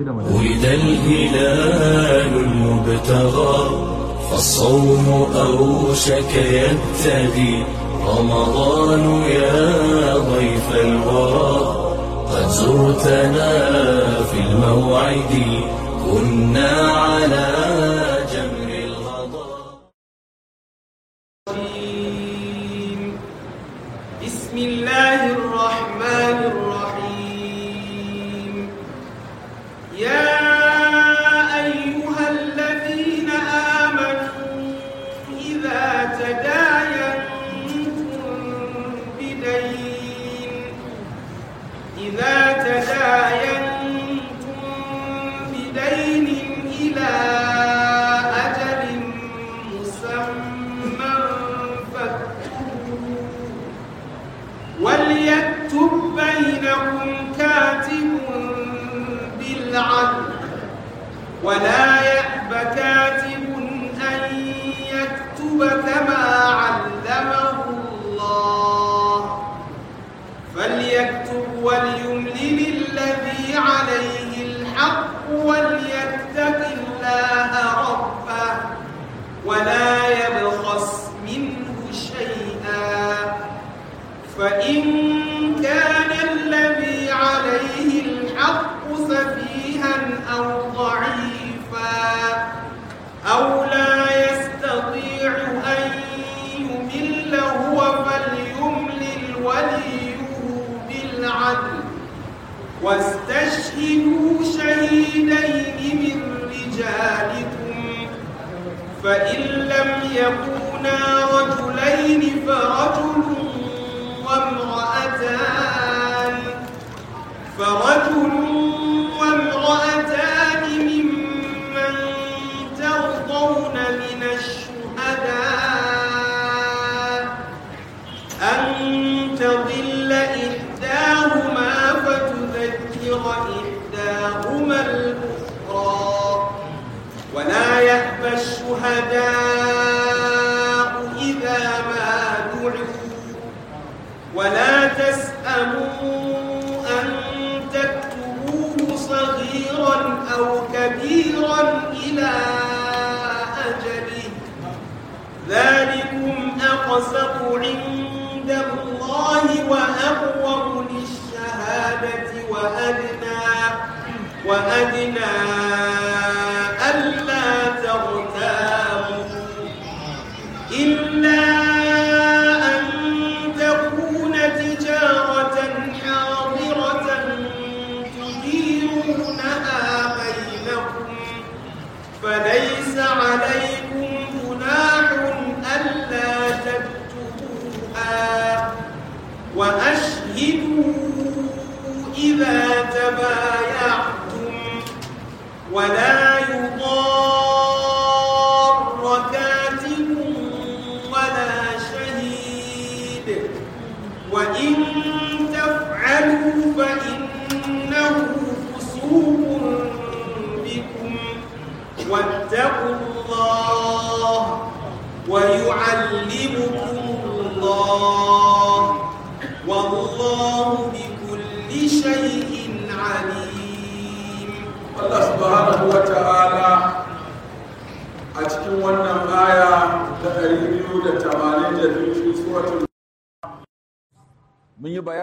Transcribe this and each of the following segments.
ولد الهلال المبتغى فالصوم أوشك يبتدي رمضان يا ضيف الورى قد زرتنا في الموعد كنا على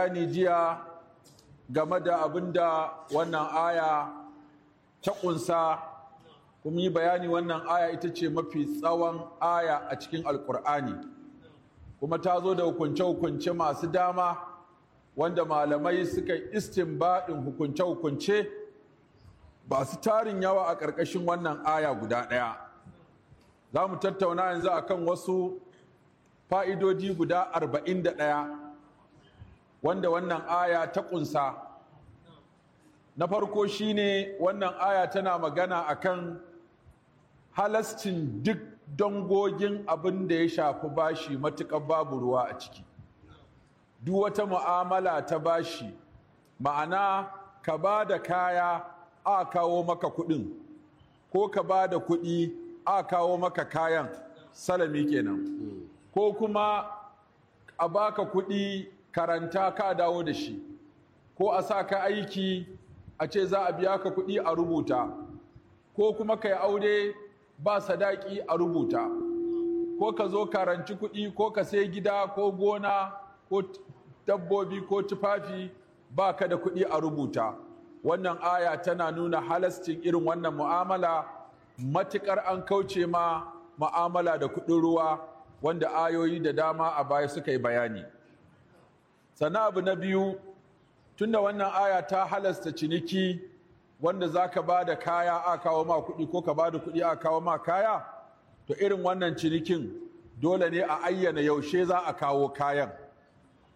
bayani jiya game da abin da wannan aya ta ƙunsa kuma yi bayani wannan aya ita ce mafi tsawon aya a cikin alkur'ani kuma ta zo da hukunce-hukunce masu dama wanda malamai suka baɗin hukunce-hukunce ba su tarin yawa a ƙarƙashin wannan aya guda ɗaya za mu tattauna yanzu akan wasu fa'idodi guda arba'in da ɗaya wanda wannan aya ta ƙunsa na farko shine wannan aya tana magana akan halascin duk dangogin abin da ya shafi bashi matuƙar babu ruwa a ciki duk wata mu'amala ta bashi ma'ana ka ba da kaya a kawo maka kuɗin ko ka ba da kuɗi a kawo maka kayan salami kenan hmm. ko kuma a baka kuɗi karanta ka dawo da shi ko a sa ka aiki a ce za a biya ka kuɗi a rubuta ko kuma ka yi aure ba sadaki a rubuta ko ka zo karanci kuɗi ko ka sai gida ko gona ko dabbobi ko tufafi ba ka da kuɗi a rubuta wannan aya tana nuna halascin irin wannan mu'amala matuƙar an kauce ma mu'amala da kuɗin ruwa wanda ayoyi da dama a baya suka yi bayani. sannan abu na biyu tunda wannan aya ta halasta ciniki wanda za ka ba da kaya a kawo ma kuɗi ko ka ba da kuɗi a kawo ma kaya to irin wannan cinikin dole ne a ayyana yaushe za a kawo kayan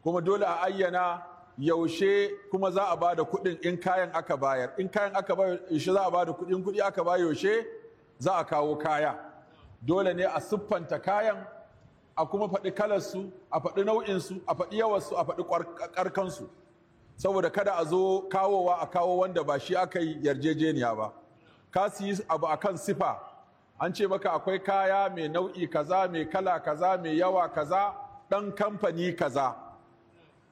kuma dole a ayyana yaushe kuma za a ba da kuɗin in kayan aka bayar in kayan aka bayar yaushe za a ba da kuɗin kuɗi aka bayar yaushe za a kawo kaya dole ne a siffanta kayan a kuma faɗi kalarsu a faɗi nau'insu a faɗi yawarsu a faɗi ƙarkansu saboda kada a zo kawowa a kawo wanda ba shi aka yi yarjejeniya ba ka siyi abu a kan sifa an ce maka akwai kaya mai nau'i kaza mai kala kaza mai yawa kaza ɗan kamfani kaza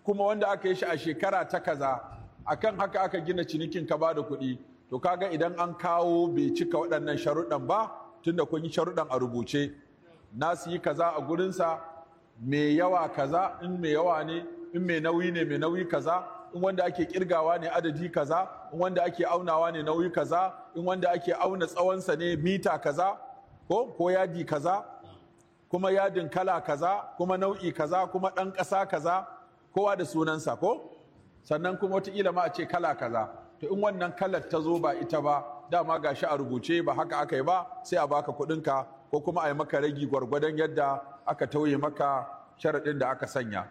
kuma wanda aka yi shi a shekara ta kaza a kan haka aka gina cinikin ka ba da kuɗi to kaga idan an kawo bai cika waɗannan sharuɗan ba tunda kun yi sharuɗan a rubuce na siyi kaza a gurinsa mai yawa kaza in mai yawa ne in mai nauyi ne mai nauyi kaza in wanda ake kirgawa ne adadi kaza in wanda ake aunawa ne nauyi kaza in wanda ake auna tsawonsa ne mita kaza ko ko yadi kaza kuma yadin kala kaza kuma nau'i kaza kuma ɗan ƙasa kaza kowa da sunansa ko sannan kuma wataƙila ma a ce kala kaza to in wannan kalar ta zo ba ita ba dama gashi a rubuce ba haka aka yi ba sai a baka kuɗinka ko kuma a yi maka ragi gwargwadon yadda aka tauye maka sharaɗin da aka sanya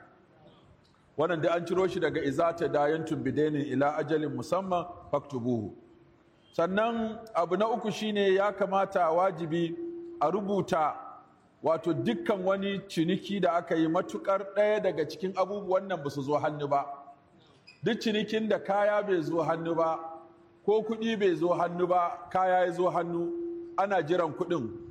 wannan da an ciro shi daga izata dayan tumbidenin ila ajalin musamman faktubuhu sannan abu na uku shine ya kamata wajibi a rubuta wato dukkan wani ciniki da aka yi matukar ɗaya daga cikin abubuwan nan ba su zo hannu ba duk cinikin da kaya bai zo hannu ba ko kuɗi bai zo hannu ba kaya ya zo hannu ana jiran kuɗin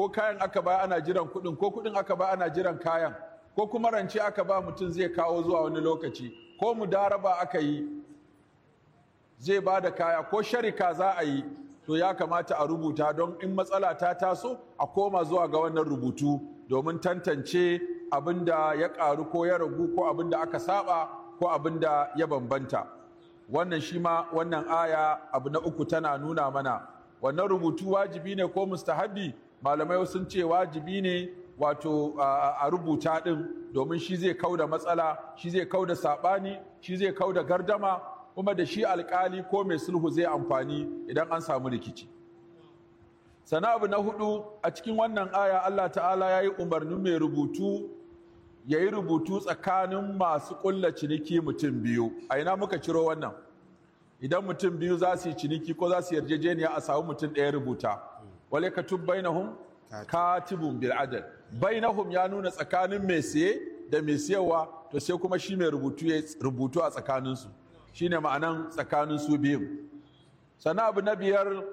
ko kayan aka ba ana jiran kuɗin ko kuɗin aka ba ana jiran kayan ko kuma rance aka ba mutum zai kawo zuwa wani lokaci ko mu daraba aka yi zai ba da kaya ko sharika za a yi to ya kamata a rubuta don in matsala ta taso a koma zuwa ga wannan rubutu domin tantance abin da ya ƙaru ko ya ragu ko abin da aka saba ko abin da ya bambanta wannan shi ma wannan aya abu na uku tana nuna mana wannan rubutu wajibi ne ko mustahabi malamai sun ce wajibi ne wato a rubuta ɗin domin shi zai kau da matsala shi zai kau da saɓani shi zai kau da gardama kuma da shi alkali ko mai sulhu zai amfani idan an samu rikici sana abu na hudu a cikin wannan aya Allah ta'ala ya yi umarnin mai rubutu ya yi rubutu tsakanin masu ƙulla ciniki mutum biyu a ina muka ciro wannan idan mutum biyu za su yi ciniki ko za su yarjejeniya a samu mutum ɗaya rubuta wale ka tub bainahum katibun bil adal bainahum ya nuna tsakanin mai siye da mai siyarwa to sai kuma shi mai rubutu ya rubutu a tsakanin su shine ma'anan tsakanin su biyu sana abu na biyar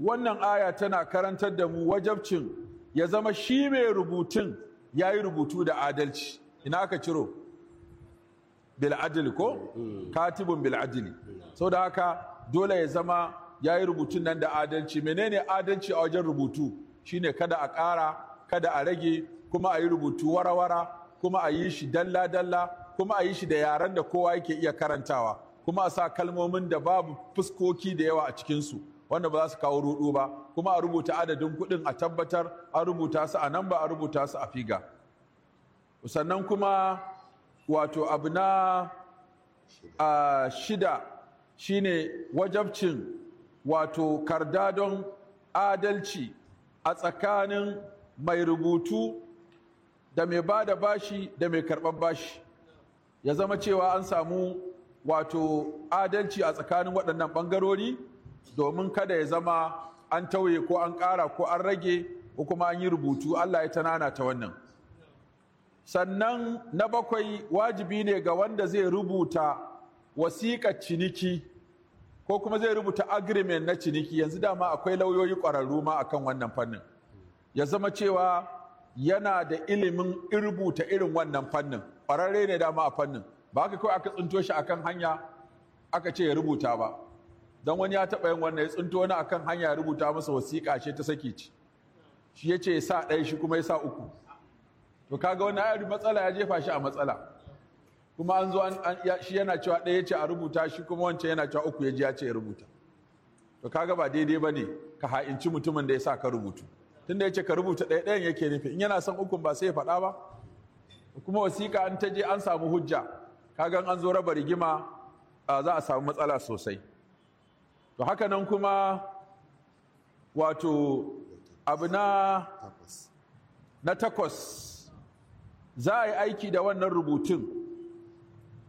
wannan aya tana karantar da mu wajabcin ya zama shi mai rubutun ya yi rubutu da adalci ina aka ciro bil ko mm. katibun bil Sau saboda haka dole ya zama ya yi rubutun nan da adalci menene adalci a wajen rubutu shine kada a ƙara kada a rage kuma a yi rubutu wara-wara kuma a yi shi dalla-dalla kuma a yi shi da yaren da kowa yake iya karantawa kuma a sa kalmomin da babu fuskoki da yawa a cikinsu wanda ba za su kawo rudu ba kuma a rubuta adadin kuɗin a tabbatar a rubuta su a nan ba a rubuta su a figa sannan kuma wato abu na ah, shida shine wajabcin wato kardadon adalci a tsakanin mai rubutu da mai ba da bashi da mai karɓar bashi ya zama cewa an samu wato adalci a tsakanin waɗannan ɓangarori domin kada ya zama an tauye ko an ƙara ko an rage ko kuma an yi rubutu allah ya tanana ta wannan sannan na bakwai wajibi ne ga wanda zai rubuta wasiƙar ciniki ko kuma zai rubuta agreement na ciniki yanzu dama akwai lauyoyi ƙwararru ma akan wannan fannin ya zama cewa yana da ilimin rubuta irin wannan fannin ƙwararre ne dama a fannin ba haka kawai aka tsinto shi akan hanya aka ce ya rubuta ba don wani ya taɓa yin wannan ya tsinto wani akan hanya ya rubuta masa wasiƙa ce ta saki ci shi ya ce ya sa ɗaya shi kuma ya sa uku to kaga wani yi matsala ya jefa shi a matsala kuma an zo shi yana cewa ɗaya ce a rubuta shi kuma wancan yana cewa uku ya ji ya ce ya rubuta to kaga ba daidai ba ne ka ha'inci mutumin da ya sa ka rubutu tunda ya ce ka rubuta ɗaya ɗayan yake nufi in yana son ukun ba sai ya faɗa ba kuma wasiƙa an ta je an samu hujja kagan an zo raba rigima za a samu matsala sosai to haka nan kuma wato abu na na takwas za a yi aiki da wannan rubutun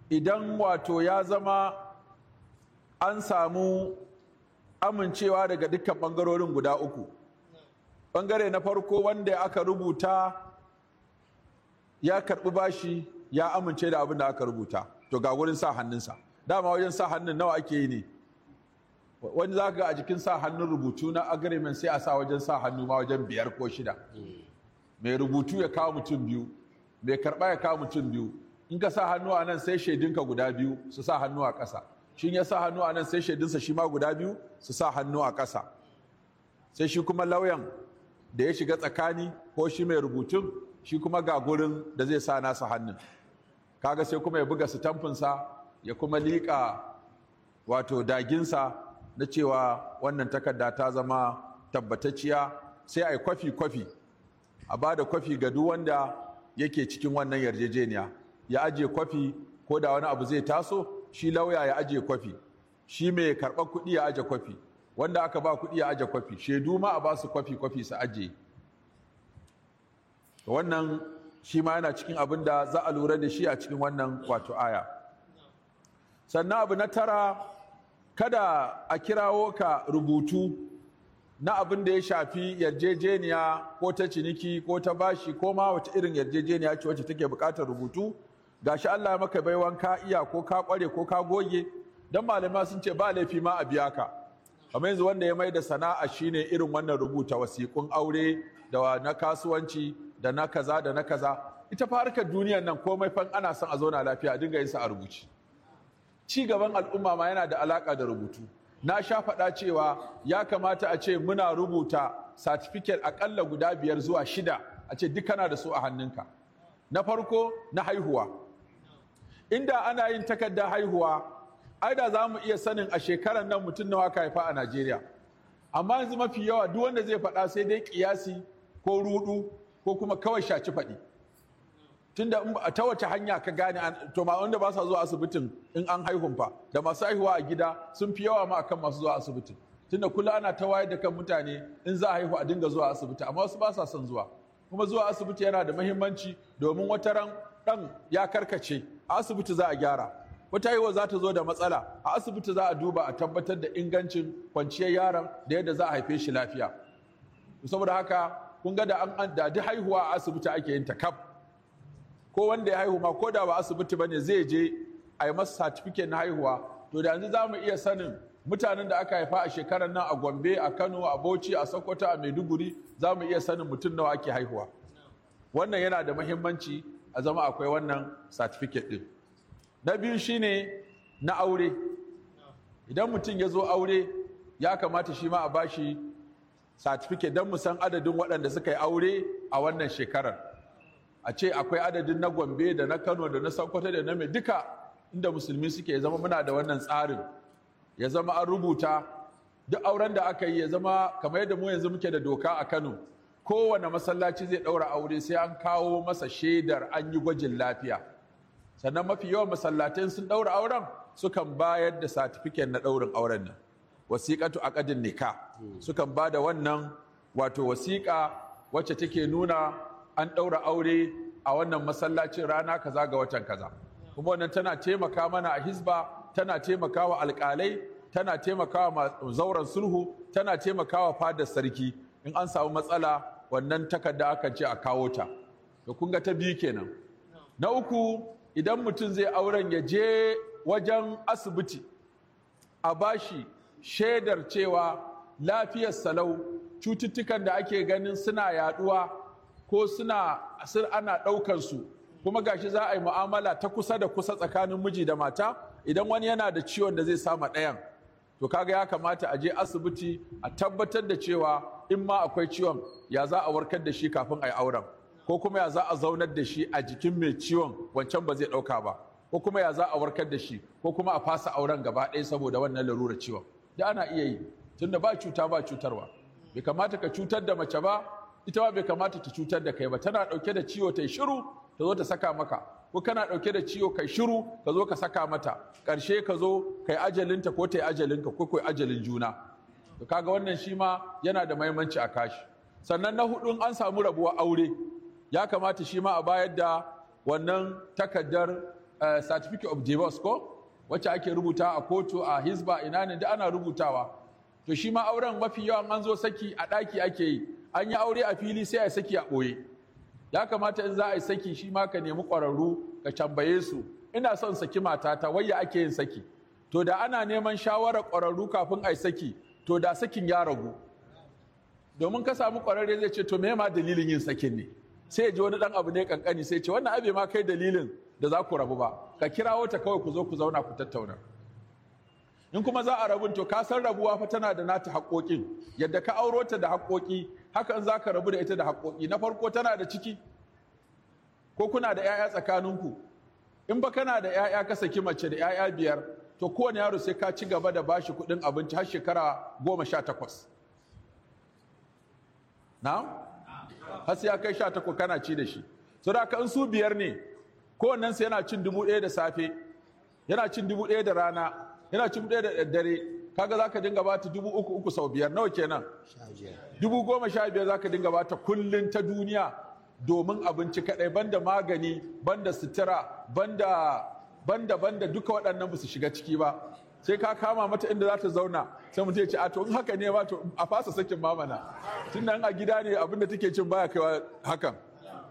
idan wato ya zama an samu amincewa daga dukkan bangarorin guda uku bangare na farko wanda aka rubuta ya karɓi bashi ya amince da abin da aka rubuta to ga wurin sa hannunsa dama wajen sa hannun nawa ake yi ne wani za ga a jikin sa hannun rubutu na agreement sai a sa wajen sa hannu ma wajen biyar ko shida hmm. mai rubutu ya kawo mutum biyu mai karɓa ya kawo mutum biyu in ka sa hannu a nan sai shaidinka guda biyu su sa hannu a ƙasa shi ya sa hannu a nan sai shaidinsa shi ma guda biyu su sa hannu a ƙasa sai shi kuma lauyan da ya shiga tsakani ko shi mai rubutun shi kuma ga gurin da zai sa nasa hannun kaga sai kuma ya buga sitamfinsa ya kuma liƙa wato daginsa na cewa wannan takarda ta zama tabbatacciya sai a yi kwafi-kwafi a ba da kwafi ga duk wanda yake cikin wannan yarjejeniya ya aje kwafi ko da wani abu zai taso shi lauya ya aje kwafi shi mai karɓar kuɗi ya aje kwafi wanda aka ba kuɗi ya aje kwafi shaidu ma a ba su kwafi kwafi su aje wannan shi ma yana cikin abin da za a lura da shi a cikin wannan wato aya sannan abu na tara kada a kirawo ka rubutu na abin da ya shafi yarjejeniya ko ta ciniki ko ta bashi ko ma wace irin yarjejeniya ce wacce take buƙatar rubutu gashi Allah ya maka bai ka iya ko ka kware ko ka goge Don malama sun ce ba laifi ma a biya ka kamar yanzu wanda ya mai da sana'a shine irin wannan rubuta wasiƙun aure da na kasuwanci da na kaza da na kaza ita fa harkar duniyar nan komai fan ana son a zauna lafiya dinga yin sa a rubuci ci gaban al'umma ma yana da alaka da rubutu na sha faɗa cewa ya kamata a ce muna rubuta certificate akalla guda biyar zuwa shida a ce duk kana da su a hannunka na farko na haihuwa inda ana yin takardar haihuwa ai da za mu iya sanin a shekarar nan mutum nawa ka haifa a Najeriya amma yanzu mafi yawa duk wanda zai faɗa sai dai kiyasi ko rudu ko kuma kawai shaci faɗi tunda ta wace hanya ka gane to ma wanda ba sa zuwa asibitin in an haihun fa da masu haihuwa a gida sun fi yawa ma akan masu zuwa asibitin tunda kula ana ta wayar da kan mutane in za a haihu a dinga zuwa asibiti amma wasu ba sa son zuwa kuma zuwa asibiti yana da muhimmanci domin wata ran ɗan ya karkace a asibiti za a gyara wata yiwa za ta zo da matsala a asibiti za a duba a tabbatar da ingancin kwanciyar yaron da yadda za a haife shi lafiya saboda haka kun ga da an da duk haihuwa a asibiti ake yin ta kaf ko wanda ya haihu ma ko da ba asibiti bane zai je a yi masa certificate na haihuwa to da yanzu za mu iya sanin mutanen da aka haifa a shekarar nan a Gombe a Kano a Bauchi a Sokoto a Maiduguri za mu iya sanin mutum nawa ake haihuwa wannan yana da muhimmanci a zama akwai wannan certificate din na biyu shine na aure idan mutum ya zo aure ya kamata shi ma a bashi certificate don mu san adadin waɗanda suka yi aure a wannan shekarar a ce akwai adadin na gombe da na kano da na sokoto da na mai duka inda musulmi suke zama muna da wannan tsarin ya zama an rubuta duk auren da aka yi ya zama kamar yadda mu yanzu muke da doka a kano kowane masallaci zai ɗaura aure sai an kawo masa shaidar an yi gwajin lafiya sannan mafi yawan masallatai sun ɗaura auren sukan bayar da satifiken na ɗaurin auren nan wasiƙatu ƙadin nika sukan ba da wannan wato wasiƙa wacce take nuna an ɗaura aure a wannan masallacin rana kaza ga watan kaza kuma wannan tana taimaka mana a hisba tana taimaka wa alƙalai tana taimaka wa zauren sulhu tana taimaka wa fadar sarki in an samu matsala wannan takarda aka ce a kawo ta da kun ga ta biyu kenan na uku idan mutum zai auren ya je wajen asibiti a bashi shaidar cewa lafiyar salau cututtukan da ake ganin suna yaduwa ko suna sun ana ɗaukan su kuma gashi za a yi mu'amala ta kusa da kusa tsakanin miji da mata idan wani yana da ciwon da zai sama ɗayan to kaga ya kamata a je asibiti a tabbatar da cewa in ma akwai ciwon ya za a warkar da shi kafin a yi auren ko kuma ya za a zaunar da shi a jikin mai ciwon wancan ba zai ɗauka ba ko kuma ya za a warkar da shi ko kuma a fasa auren gaba ɗaya saboda wannan larurar ciwon da ana iya yi tunda ba cuta ba cutarwa bai kamata ka cutar da mace ba ita ba bai kamata ta cutar da kai ba tana ɗauke da ciwo ta shiru ta zo ta saka maka ko kana ɗauke da ciwo kai shiru ka zo ka saka mata ƙarshe ka zo kai ajalinta ko ta yi ajalinka ko kai ajalin juna to kaga wannan shi ma yana da mahimmanci a kashi sannan na hudun an samu rabuwa aure ya kamata shi ma a bayar da wannan takardar eh, certificate of divorce ko wacce ake rubuta a kotu a hisba ina ne da ana rubutawa to shi ma auren mafi yawan an zo saki a daki ake yi an yi aure a fili sai a saki a boye ya kamata in za a yi saki shi ma ka nemi ƙwararru ka tambaye su ina son saki matata wayya ake yin saki to da ana neman shawarar ƙwararru kafin a yi saki to da sakin ya ragu domin ka samu ƙwararre zai ce to me ma dalilin yin sakin ne sai ya ji wani dan abu ne kankani sai ce wannan abe ma kai dalilin da za ku rabu ba ka kira wata kawai ku zo ku zauna ku tattauna in kuma za a rabun to ka san rabuwa fa tana da nata haƙoƙin yadda ka auro ta da haƙoƙi haka in za ka rabu da ita da haƙoƙi na farko tana da ciki ko kuna da 'ya'ya tsakaninku in ba kana da 'ya'ya ka saki mace da 'ya'ya biyar to kowane yaro sai ka ci gaba da bashi kuɗin abinci har shekara goma sha takwas na'am har sai ya kai sha takwas kana ci da shi so da in su biyar ne sai yana cin dubu ɗaya da safe yana cin dubu ɗaya da rana yana cin ɗaya da daddare kaga za ka dinga bata dubu uku uku sau biyar nawa kenan dubu goma sha biyar za ka dinga bata kullum ta duniya domin abinci kaɗai banda magani banda sutura banda banda da duka waɗannan ba su shiga ciki ba sai ka kama mata inda za ta zauna sai mutum ya ce a to in haka ne ma to a fasa sakin mamana tun nan a gida ne abinda take cin baya kaiwa hakan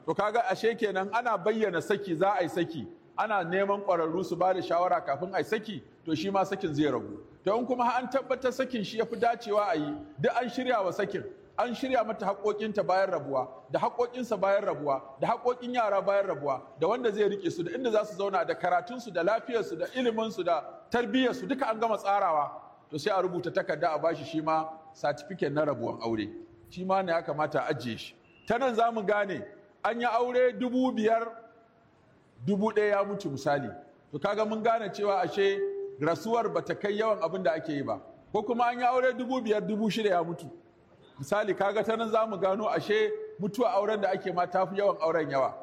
to kaga ashe kenan ana bayyana saki za a yi saki ana neman ƙwararru su ba da shawara kafin a yi saki to shi ma sakin zai ragu to in kuma an tabbatar sakin shi ya fi dacewa a yi duk an shirya wa sakin an shirya mata haƙoƙinta bayan rabuwa da haƙoƙinsa bayan rabuwa da haƙoƙin yara bayan rabuwa da wanda zai rike su da inda za su zauna da karatunsu da lafiyarsu da iliminsu da tarbiyyarsu duka an gama tsarawa to sai a rubuta takarda a bashi shi ma satifiket na rabuwan aure shi ma ne ya kamata a ajiye shi ta nan za mu gane an yi aure dubu biyar dubu ɗaya ya mutu misali to kaga mun gane cewa ashe rasuwar bata kai yawan abin da ake yi ba ko kuma an yi aure dubu biyar dubu shida ya mutu misali kaga ta nan za mu gano ashe mutuwa auren da ake ma ta fi yawan auren yawa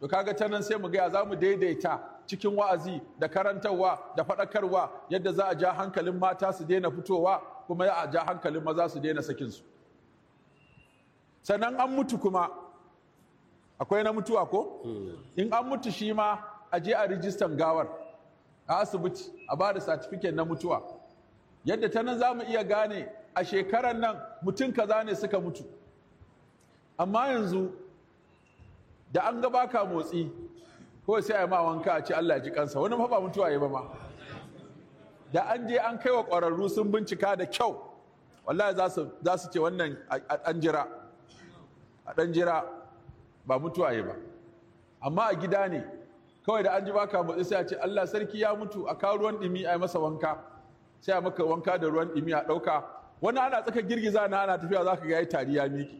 to kaga ta nan sai mu gaya za mu daidaita cikin wa'azi da karantarwa da faɗakarwa yadda za a ja hankalin mata su daina fitowa kuma a ja hankalin maza su daina sakinsu sannan an mutu kuma akwai na mutuwa ko hmm. in an mutu shi ma a je a rijistan gawar a asibiti a ba da na mutuwa yadda ta nan za mu iya gane a shekarar nan mutum kaza ne suka mutu amma yanzu da an ga baka motsi ko sai a ma wanka a ce Allah ji kansa wani fa ba mutuwa ya ba ma da an je an kai wa ƙwararru sun bincika da kyau wallahi za su ce wannan a ɗan jira a ɗan jira ba mutuwa ya ba amma a gida ne kawai da an ji baka motsi sai a ce Allah sarki ya mutu a kawo ruwan ɗimi a yi masa wanka sai a maka wanka da ruwan ɗimi a ɗauka wani ana tsaka girgiza na ana tafiya za ka ga yi tari ya miki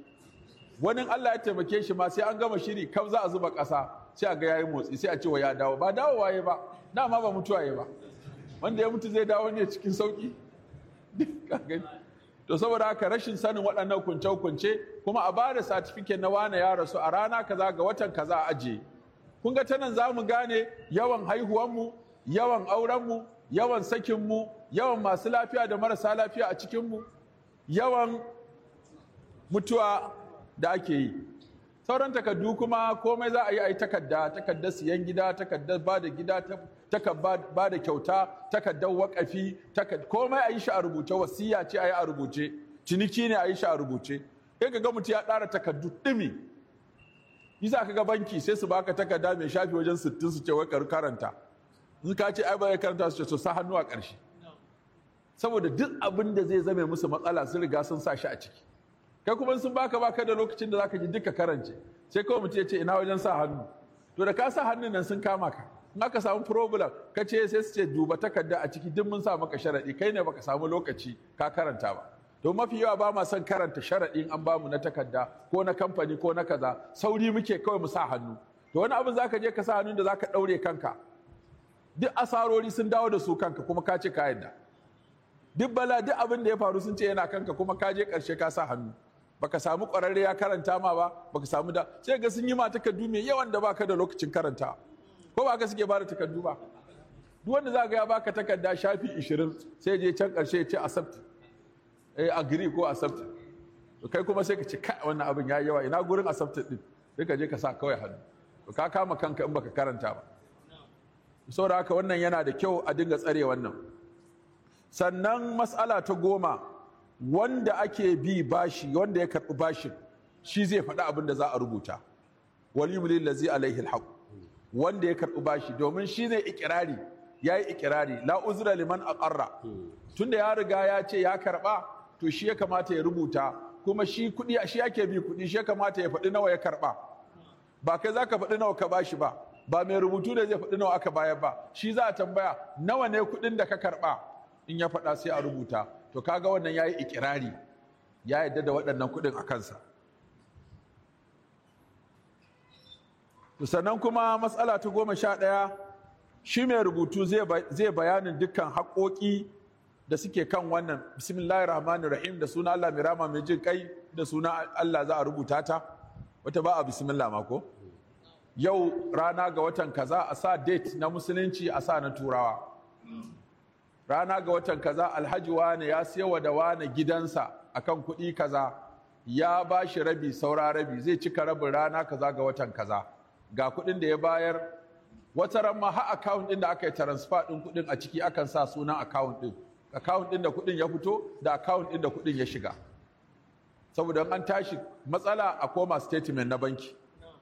wani Allah ya taimake shi ma sai an gama shiri kam za a zuba ƙasa sai a ga yayi motsi sai a ce wa ya dawo ba dawo waye ba dama ba mutuwa ya ba wanda ya mutu zai dawo ne cikin sauki to saboda haka rashin sanin waɗannan kunce-kunce kuma a bada satifiket na wane ya rasu a rana kaza ga watan kaza a ajiye kun ga tanan za mu gane yawan haihuwanmu yawan aurenmu yawan sakinmu yawan masu lafiya da marasa lafiya a cikinmu yawan mutuwa da ake yi sauran takardu kuma komai za a yi a yi takarda takardar siyan gida takardar ba da gida takardar ba da kyauta takardar wakafi komai a yi shi a rubuce wasiya ce a yi a rubuce ciniki ne a yi shi a rubuce sai ga mutum ya ɗara takardu ɗumi yi za ka ga banki sai su baka takarda mai shafi wajen sittin su ce wai karanta in ka ce ai ba karanta su ce su sa hannu a ƙarshe saboda duk abin da zai zame musu matsala sun riga sun sa shi a ciki kai kuma sun baka baka da lokacin da zaka ji duka karance sai kawai mutum ya ce ina wajen sa hannu to da ka sa hannun nan sun kama ka in aka samu problem ka ce sai su ce duba takarda a ciki duk mun sa maka sharaɗi kai ne baka samu lokaci ka karanta ba to mafi yawa ba ma son karanta sharaɗin an bamu na takarda ko na kamfani ko na kaza sauri muke kawai mu sa hannu to wani abin zaka je ka sa hannun da zaka daure kanka duk asarori sun dawo da su kanka kuma ka ce ka yadda duk bala duk abin da ya faru sun ce yana kanka kuma ka je ƙarshe ka sa hannu baka samu ƙwararre ya karanta ma ba baka samu da sai ga sun yi ma takardu mai yawan da baka da lokacin karanta ko ba ka suke ba da takardu ba duk wanda za ga ya baka takarda shafi 20 sai je can ƙarshe ya ce accept eh agree ko accept kai kuma sai ka ce kai wannan abin yayi yawa ina gurin accept din sai ka je ka sa kawai hannu ka kama kanka in baka karanta ba saboda haka wannan yana da kyau a dinga tsare wannan sannan matsala ta goma wanda ake bi bashi wanda ya karɓi bashin shi zai faɗi abin da za a rubuta da lazi alaihi alhaq wanda ya karɓi bashi domin shi ne ikirari ya yi ikirari la uzra liman aqarra tunda ya riga ya ce ya karɓa to shi ya kamata ya rubuta kuma shi kuɗi shi ake bi kuɗi shi ya kamata ya faɗi nawa ya karɓa ba kai za ka faɗi nawa ka bashi ba ba mai rubutu da zai faɗi nawa aka bayar ba shi za a tambaya nawa ne kuɗin da ka karɓa in ya faɗa sai a rubuta to kaga wannan ya yi ikirari ya yadda da waɗannan kuɗin a kansa sannan kuma matsala ta goma sha ɗaya shi mai rubutu zai bayanin dukkan haƙoƙi da suke kan wannan bismillahir rahmanir rahim da suna Allah mai rama mai jin kai da suna Allah za a rubuta ta wata ba a bismillah ma ko yau rana ga watan kaza a sa date na musulunci a sa na turawa rana ga watan kaza alhaji wane ya siya wa da wane gidansa akan kuɗi kaza ya ba shi rabi saura rabi zai cika rabin rana kaza ga watan kaza ga kuɗin da ya bayar wata ran ma har ɗin da aka yi transfer ɗin kuɗin a ciki akan sa sunan account ɗin account ɗin da kuɗin ya fito da account ɗin da kuɗin ya shiga saboda an tashi matsala a koma statement na banki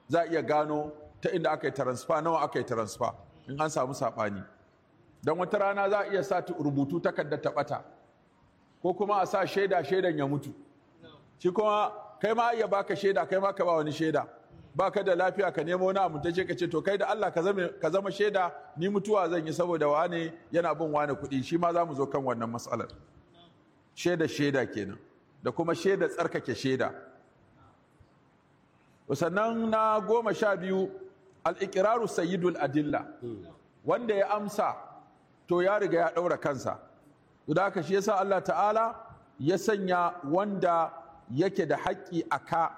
za a iya gano ta inda aka yi transfer nawa aka yi transfer in an samu saɓani don wata rana za a iya sa rubutu takarda ta bata ko kuma a sa shaida shaidan ya mutu shi kuma kai ma iya baka shaida kai ma ka ba wani shaida baka da lafiya ka nemo wani abu ce ka ce to kai da Allah ka zama shaida ni mutuwa zan yi saboda wane yana bin wane kuɗi shi ma za mu zo kan wannan matsalar shaida shaida kenan da kuma shaida tsarkake shaida sannan na goma sha biyu al-iqraru sayyidul adilla hmm. wanda ya amsa to ya riga ya ɗaura kansa da haka shi yasa Allah ta'ala ya sanya wanda yake da haƙƙi a ka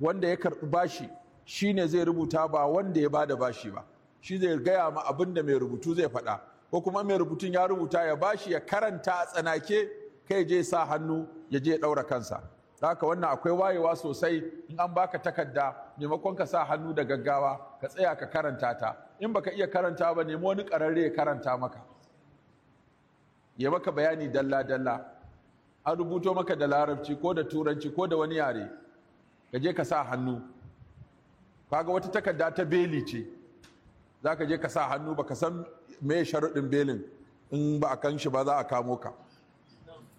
wanda ya karɓi bashi shi ne zai rubuta ba wanda ya bada bashi ba shi zai gaya ma abin da mai rubutu zai faɗa ko kuma mai rubutun ya rubuta ya bashi ya karanta a tsanake kai je sa hannu ya je ɗaura kansa haka wannan akwai wayewa sosai in an baka takarda maimakon ka sa hannu da gaggawa ka tsaya ka karanta ta in baka iya karanta ba nemi wani ƙararre ya karanta maka ya maka bayani dalla-dalla an rubuto maka da larabci ko da turanci ko da wani yare ka je ka sa hannu kaga wata takarda ta beli ce za ka je ka sa hannu ba ka san me sharuɗin belin in ba a kan shi ba za a kamo ka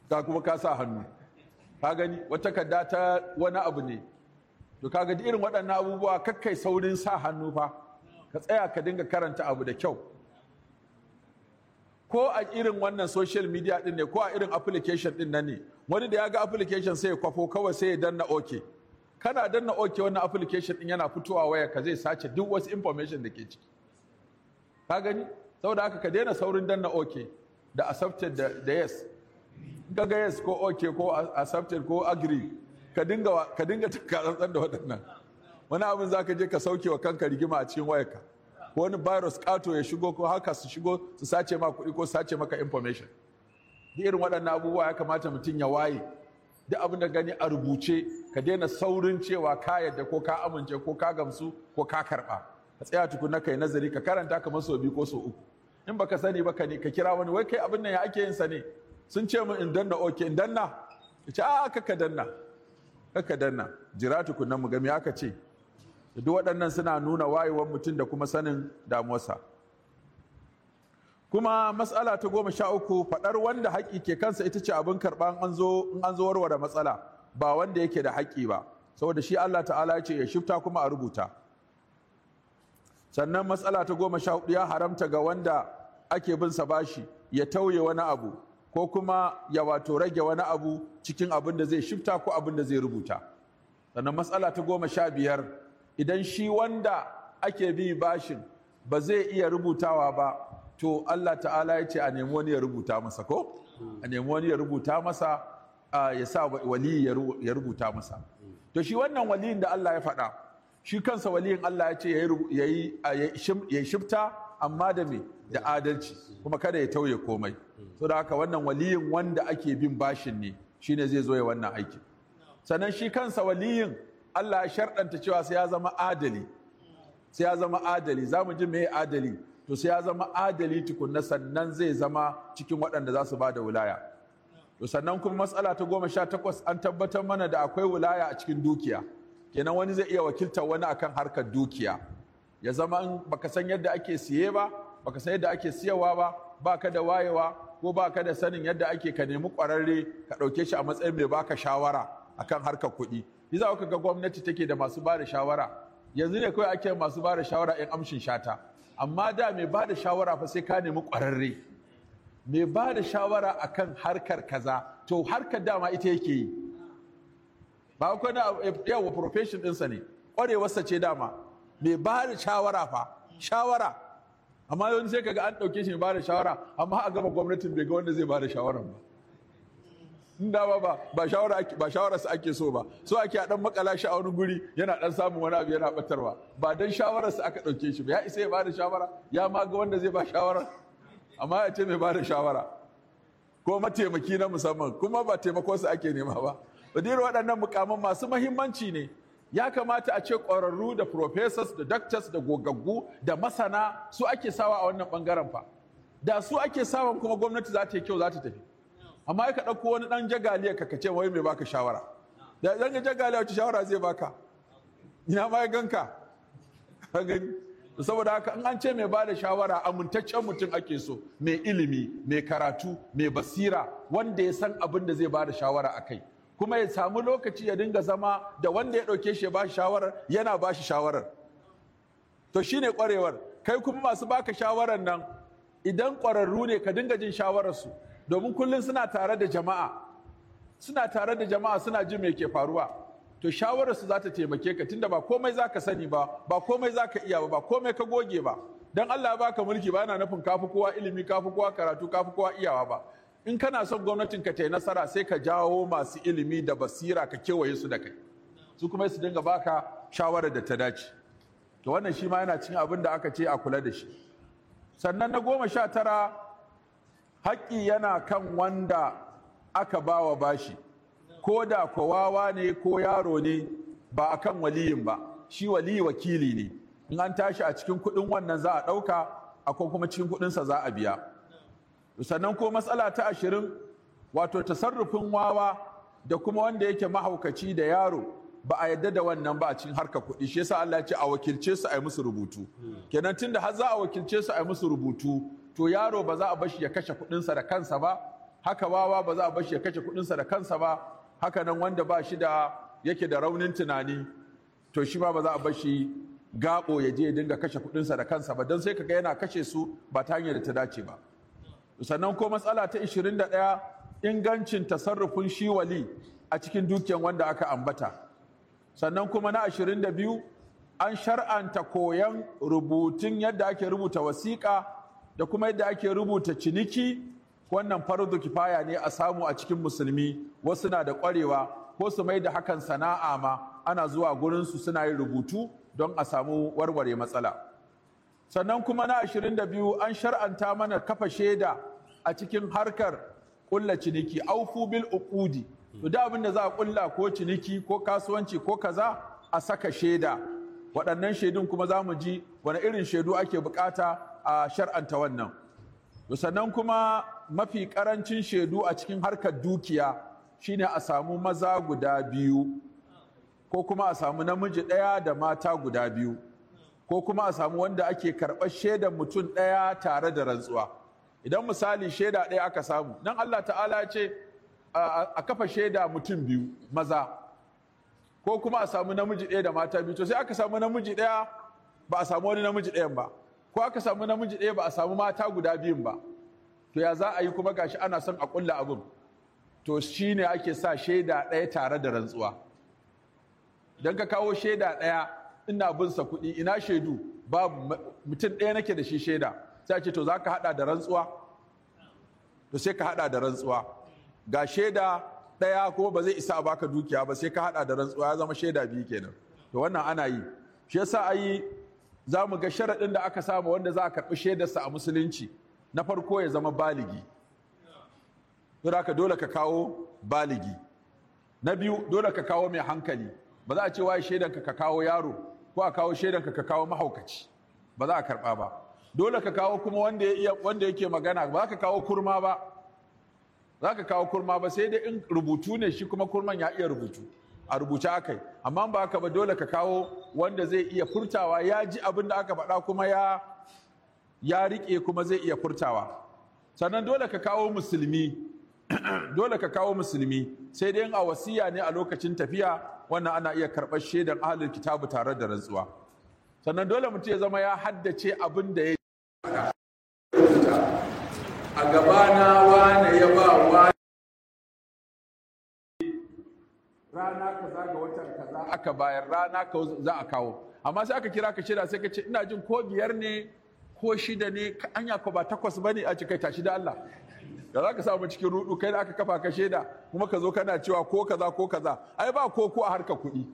ka kuma ka sa hannu ka gani wata takarda ta wani abu ne to kaga irin waɗannan abubuwa kakkai saurin sa hannu fa ka tsaya ka dinga karanta abu da kyau ko a irin wannan social media din ne ko a irin application din nan ne wani da ya ga application sai ya kwafo kawai sai ya danna ok kana danna ok wannan application din yana fitowa waya ka zai sace duk wasu information da ke ciki ka gani saboda haka ka daina saurin danna ok da accepted da, da yes ka ga yes ko okay ko accepted ko agree ka dinga ka dinga da waɗannan wani abin zaka je ka sauke wa kanka rigima a cikin wayarka wani virus kato ya shigo ko haka su shigo su sace maka kuɗi ko su sace maka information da irin waɗannan abubuwa ya kamata mutum ya waye duk abin da gani a rubuce ka daina saurin cewa ka yadda ko ka amince ko ka gamsu ko ka karɓa ka tsaya tukuna kai nazari ka karanta kamar sau biyu ko sau uku in baka sani ba ka ne ka kira wani wai kai abin nan ya ake yin sa ne sun ce min in danna oke in danna ce a kaka danna kaka danna jira tukunna mu ga me aka ce duk waɗannan suna nuna wayewar mutum da kuma sanin damuwarsa kuma matsala ta goma sha uku faɗar wanda haƙƙi ke kansa ita ce abin karɓa in an zo warware matsala ba wanda yake da haƙƙi ba saboda shi Allah ta'ala ya ce ya shifta kuma a rubuta sannan matsala ta goma sha hudu ya haramta ga wanda ake bin sa bashi ya tauye wani abu ko kuma ya wato rage wani abu cikin abin da zai shifta ko abin da zai rubuta sannan matsala ta goma sha biyar idan shi wanda ake bi bashin ba zai iya rubutawa ba to Allah ta'ala ya ce a nemi wani ya rubuta masa ko a nemi wani ya rubuta masa ya sa wali ya rubuta masa to shi wannan waliyin da Allah ya faɗa shi kansa waliyin Allah ya ce ya yi shifta amma da me da adalci kuma kada ya tauye komai so da haka wannan waliyin wanda ake bin bashin ne shine zai zo ya wannan aiki sannan shi kansa waliyin Allah ya shardanta cewa sai ya zama adali sai ya zama adali za mu ji meye adali to sai ya zama adali tukunna sannan zai zama cikin waɗanda za su ba da wulaya. to sannan kuma matsala ta goma sha takwas an tabbatar mana da akwai wulaya a cikin dukiya kenan wani zai iya wakiltar wani akan harkar dukiya ya zama in baka san yadda ake siye ba baka san yadda ake siyawa ba baka da wayewa ko baka da sanin yadda ake ka nemi kwararre, ka ɗauke shi a matsayin mai baka shawara akan harkar kuɗi za ka ga gwamnati take da masu ba da shawara yanzu ne kawai ake masu ba da shawara in amshin shata amma da mai ba da shawara fa sai ka nemi kwararre. mai ba da shawara akan harkar kaza to harkar dama ita yake yi ba ku na yawa profession ɗinsa ne ƙwarewarsa ce dama mai ba da shawara fa shawara amma yanzu sai kaga an ɗauke shi mai ba da shawara amma a gama gwamnatin bai ga wanda zai ba da shawaran ba dama ba ba shawara ba shawara su ake so ba so ake dan makala shi a wani guri yana dan samun wani abu yana batarwa ba dan shawara su aka dauke shi ba ya isa ya bada shawara ya ma ga wanda zai ba shawara amma ya ce mai bada shawara ko mataimaki na musamman kuma ba taimakon su ake nema ba badira waɗannan mukaman masu mahimmanci ne ya kamata a ce ƙwararru da professors da doctors da gogaggu da masana su ake sawa a wannan bangaren fa da su ake sawan kuma gwamnati za ta yi kyau za ta tafi amma ka ɗauko wani ɗan jagaliya ka kace wai mai baka shawara da ɗan jagaliya wacce shawara zai baka ina ma ya ganka saboda haka in an ce mai bada shawara amintaccen mutum ake so mai ilimi mai karatu mai basira wanda ya san abin da zai bada shawara a kai kuma ya samu lokaci ya dinga zama da wanda ya ɗauke shi ya bashi shawarar yana bashi shawarar to shine kwarewar kai kuma masu baka shawarar nan idan ƙwararru ne ka dinga jin shawararsu domin kullum suna tare da jama'a suna tare da jama'a suna ji me ke faruwa to shawararsu za ta taimake ka tunda ba komai za ka sani ba ba komai za ka iya ba ba komai ka goge ba don Allah ba ka mulki ba yana nufin kafi kowa ilimi kafi kowa karatu kafi kowa iyawa ba in kana son gwamnatin ka yi nasara sai ka jawo masu ilimi da basira ka kewaye su da kai su kuma su dinga baka shawarar da ta dace to wannan shi ma yana cikin abin da aka ce a kula da shi sannan na goma sha tara haƙƙi yana kan wanda aka bawa bashi ko da kowawa ne ko yaro ne ba a kan waliyin ba shi waliyi wakili ne in an tashi a cikin kuɗin wannan za a ɗauka akwai kuma cikin kuɗinsa za a biya sannan ko matsala ta ashirin wato tasarrufin wawa da kuma wanda yake mahaukaci da yaro ba a yadda da wannan ba a cikin harka kuɗi shi yasa Allah ya ce a wakilce su a yi musu rubutu kenan tunda har za a wakilce su a yi musu rubutu to yaro ba za a bashi ya kashe kuɗinsa da kansa ba haka wawa ba za a bashi ya kashe kuɗinsa da kansa ba haka nan wanda ba shi da yake da raunin tunani to shi ba za a bashi gaɓo ya je ya dinga kashe kuɗinsa da kansa ba don sai ka ga yana kashe su ba ta hanyar da ta dace ba sannan ko matsala ta 21 ingancin tasarrufin shi wali a cikin dukiyan wanda aka ambata sannan kuma na 22 an shar'anta koyan rubutun yadda ake rubuta wasiƙa da kuma yadda ake rubuta ciniki wannan fardu kifaya ne a samu a cikin musulmi wasu na da ƙwarewa ko su mai da hakan sana'a ma ana zuwa gurinsu suna yin rubutu don a samu warware matsala sannan kuma na ashirin da biyu, an shar'anta mana kafa shaida a cikin harkar ƙulla ciniki aufu bil uqudi to da abin da za a ƙulla ko ciniki ko kasuwanci ko kaza a saka shaida waɗannan shaidun kuma za mu ji wani irin shaidu ake bukata a shar'anta wannan sannan kuma mafi karancin shaidu a cikin harkar dukiya shine a samu maza guda biyu ko kuma a samu namiji ɗaya da mata guda biyu ko kuma a samu wanda ake karɓar shaidar mutum ɗaya tare da rantsuwa idan misali shaida ɗaya aka samu nan Allah ta'ala ce a kafa shaida mutum biyu maza ko kuma a samu namiji ɗaya da mata biyu to sai aka samu namiji ɗaya ba a samu wani namiji ɗayan ba ko aka samu namiji ɗaya ba a samu mata guda biyun ba to ya za a yi kuma gashi ana son a ƙulla abin to shi ne ake sa shaida ɗaya tare da rantsuwa don ka kawo shaida ɗaya ina bin sa kuɗi ina shaidu ba mutum ɗaya nake da shi shaida sai ce to za ka haɗa da rantsuwa to sai ka haɗa da rantsuwa ga shaida ɗaya kuma ba zai isa a baka dukiya ba sai ka haɗa da rantsuwa ya zama shaida biyu kenan to wannan ana yi shi yasa ayi za mu ga sharaɗin da aka samu wanda za a karɓi shaidarsa a musulunci na farko ya zama baligi ka dole ka kawo baligi na biyu dole ka kawo mai hankali ba za a ce waye shaidanka ka kawo yaro ko a kawo shaidanka ka kawo mahaukaci ba za a karɓa ba dole ka kawo kuma wanda ya wanda yake magana ba za ka kawo kurma ba za ka kawo kurma ba sai dai in rubutu ne shi kuma kurman ya iya rubutu a rubuce yi amma ba haka ba dole ka kawo wanda zai iya furtawa ya ji abin da aka faɗa kuma ya ya riƙe kuma zai iya furtawa sannan dole ka kawo musulmi dole ka kawo musulmi sai dai a wasiya ne a lokacin tafiya wannan ana iya karɓar shaidan ahalin kitabu tare da rantsuwa sannan dole mutum ya zama ya haddace abin da ya a gabana wane ya ba aka bayar rana ka za a kawo amma sai aka kira ka shida sai ka ce ina jin ko biyar ne ko shida ne anya ko ba takwas bane a cikai tashi da Allah da za ka samu cikin rudu kai da aka kafa ka shaida kuma ka zo kana cewa ko kaza ko kaza ai ba koko a harka kuɗi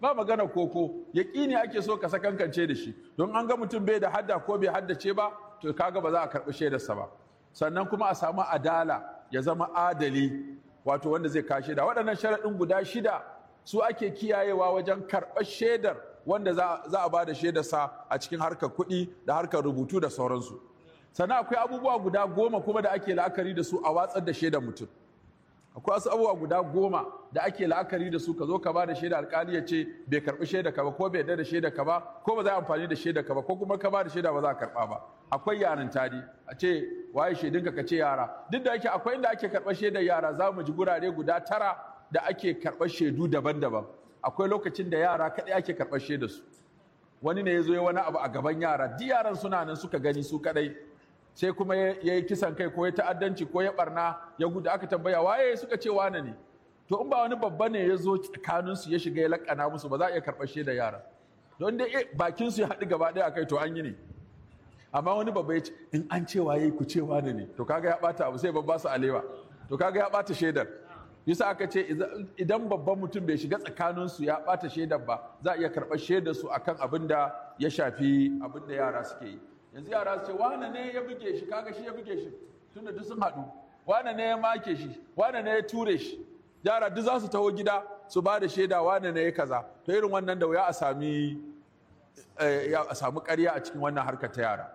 ba magana koko yaƙini ake so ka sakankance da shi don an ga mutum bai da hadda ko bai haddace ba to kaga ba za a karɓi shaidarsa ba sannan kuma a samu adala ya zama adali wato wanda zai kashe da waɗannan sharaɗin guda shida su ake kiyayewa wajen karɓar shaidar wanda za a ba da shaidarsa a cikin harkar kuɗi da harkar rubutu da sauransu sannan akwai abubuwa guda goma kuma da ake la'akari da su a watsar da shaidar mutum akwai wasu abubuwa guda goma da ake la'akari da su ka zo ka ba da shaida alkali ya ce bai karɓi shaida ka ba ko bai da shaida ka ba ko ba za a amfani da shaida ka ba ko kuma ka ba da shaida ba za a karɓa ba akwai yaran tadi a ce waye ka ce yara duk da yake akwai inda ake karɓar shaidar yara za mu ji gurare guda tara da ake karɓar shaidu daban-daban akwai lokacin da yara kaɗai ake karɓar su wani ne ya zo ya wani abu a gaban yara Di yaran suna nan suka gani su kaɗai sai kuma ya yi kisan kai ko ya ta'addanci ko ya barna ya gudu aka tambaya waye suka ce wane ne to in ba wani babba ne ya zo tsakaninsu ya shiga ya lakana musu ba za a iya karɓar shaidu yara don dai eh, bakin su ya haɗu gaba ɗaya akai to an yi ne amma wani babba ya ce in an cewa yayi ku cewa ne to kaga ya ɓata abu sai babba su alewa to kaga ya ɓata shaidar yasa aka ce idan babban mutum bai shiga tsakaninsu ya ɓata shaidar ba za a iya karɓar shaidar su akan abin da ya shafi abin da yara suke yi yanzu yara su ce wane ne ya buge shi kaga shi ya buge shi da duk sun haɗu wane ne ya make shi wane ne ya ture shi yara duk za su taho gida su ba da shaida wane ne ya kaza to irin wannan da wuya a sami eh, a samu ƙarya a cikin wannan harkar ta yara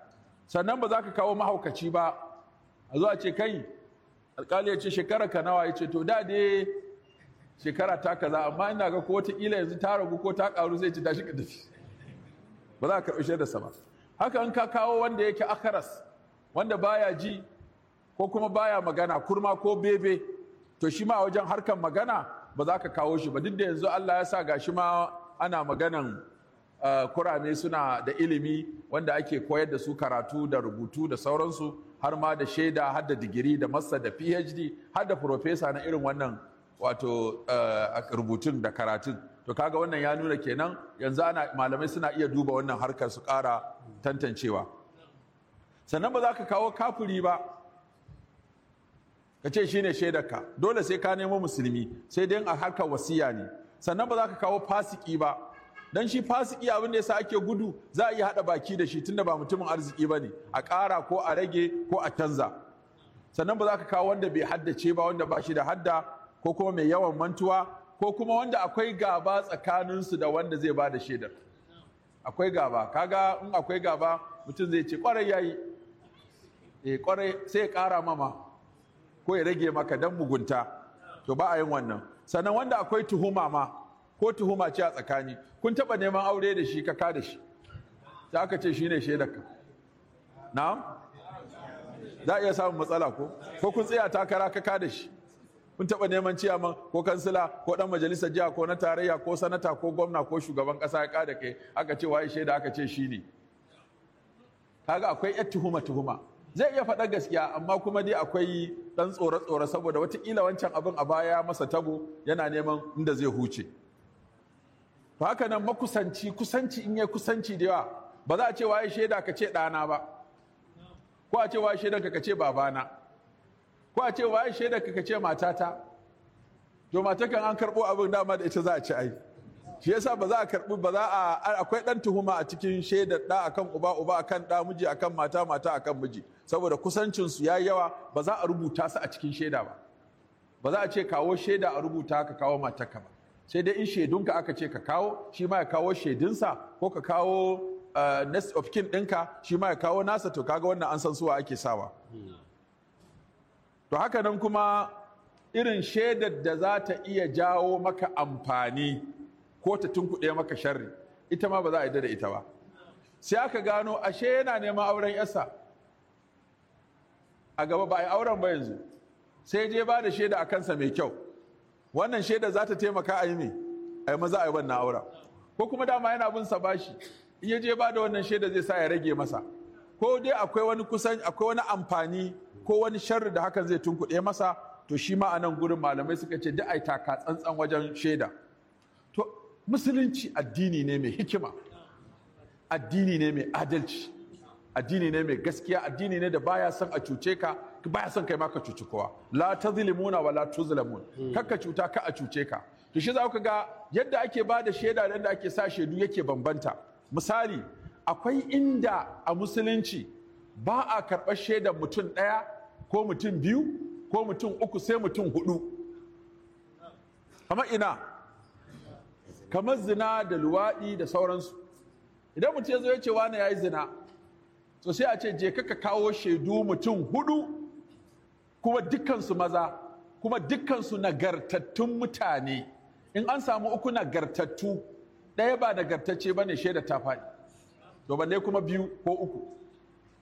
sannan ba za ka kawo mahaukaci ba a zo a ce kai alkali ya ce shekara ka nawa ya ce to da dai shekara ta kaza amma ina ga ko ila yanzu ta ragu ko ta karu zai ci tashi ka tafi ba za ka karɓi shaidarsa ba haka in ka kawo wanda yake akaras wanda baya ji ko kuma baya magana kurma ko bebe to shi ma wajen harkar magana ba za ka kawo shi ba duk da yanzu Allah ya sa ga shi ma ana maganan eh, kurame suna da ilimi wanda ake koyar da su karatu da rubutu da sauransu har ma da shaida har da digiri da masa da phd har da profesa na irin wannan wato eh, rubutun da karatun to kaga wannan ya nuna kenan yanzu ana malamai suna iya duba wannan harkar su kara tantancewa sannan ba za ka kawo kafuri ba ka ce shine shaidarka dole sai ka nemo musulmi sai dai a harkar wasiya ne sannan ba za ka kawo fasiki ba dan shi fasiki abin da yasa ake gudu za a iya hada baki da shi tunda ba mutumin arziki bane a ƙara ko a rage ko a canza sannan ba za ka kawo wanda bai haddace ba wanda ba shi da hadda ko kuma mai yawan mantuwa ko kuma wanda akwai gaba tsakaninsu da wanda zai ba da shaidar akwai gaba kaga in akwai gaba mutum zai ce kwarai yayi eh kwarai sai ya ƙara mama ko ya rage maka dan mugunta to ba a yin wannan sannan wanda akwai tuhuma ma ko tuhuma ce a tsakani kun taba neman aure da shi ka ka da shi Da aka ce shine shaidarka na'am za a iya samun matsala ko ko kun tsaya takara ka ka da shi kun taba neman man ko kansila ko dan majalisar jiha ko na tarayya ko sanata ko gwamna ko shugaban kasa ya kada kai aka ce waye shaida aka ce shine kaga akwai yar tuhuma tuhuma zai iya faɗa gaskiya amma kuma dai akwai ɗan tsore-tsore saboda watakila wancan abin a baya masa tabo yana neman inda zai huce. to haka nan makusanci kusanci in yai kusanci da yawa ba za a ce waye shaida ka ce ɗana ba ko a ce waye shaida ka ce babana ko a ce waye shaida ka ce matata to matakan an karɓo abin dama da ita za a ci ai shi yasa ba za a karɓi ba za a akwai ɗan tuhuma a cikin shaidar ɗa akan uba uba akan ɗa miji akan mata mata akan miji saboda kusancin su yayi yawa ba za a rubuta su a cikin shaida ba ba za a ce kawo shaida a rubuta ka kawo matarka ba sai dai in shaidunka aka ce ka kawo shi ma ya kawo shaidunsa ko ka kawo eh, next of kin ɗinka shi ma ya kawo nasa to kaga wannan an san suwa ake sawa to haka nan kuma irin shaidar da za ta iya jawo maka amfani ko ta tunkuɗe maka sharri ita ma ba za a yarda da ita ba sai aka gano ashe yana neman auren yasa a gaba ba a yi auren ba yanzu sai je ba da shaida a kansa mai kyau wannan shaida za ta taimaka a yi a yi maza a yi wannan aura ko kuma dama yana bin sa bashi in ya je ba da wannan shaida zai sa ya rage masa ko dai akwai wani kusan akwai wani amfani ko wani sharri da hakan zai tunkuɗe masa to shi ma a nan gurin malamai suka ce duk ai taka tsantsan wajen shaida to musulunci addini ne mai hikima addini ne mai adalci addini ne mai gaskiya addini ne da baya son a cuce ka baya son kai ma ka cuci kowa la tazlimuna wa la tuzlamun kakka cuta ka a cuce ka to shi za ku ga yadda ake ba da shaida da yadda ake sa shaidu yake bambanta misali akwai inda a musulunci ba a karɓar shaidar mutum ɗaya ko mutum biyu ko mutum uku sai mutum hudu kamar ina kamar zina da luwaɗi da sauransu idan mutum ya zo ya ce wani ya yi zina to sai a ce je ka kawo shaidu mutum hudu kuma dukkansu maza kuma dukkansu nagartattun mutane in an samu uku nagartattu ɗaya ba nagartacce ba ne shaida ta faɗi to balle kuma biyu ko uku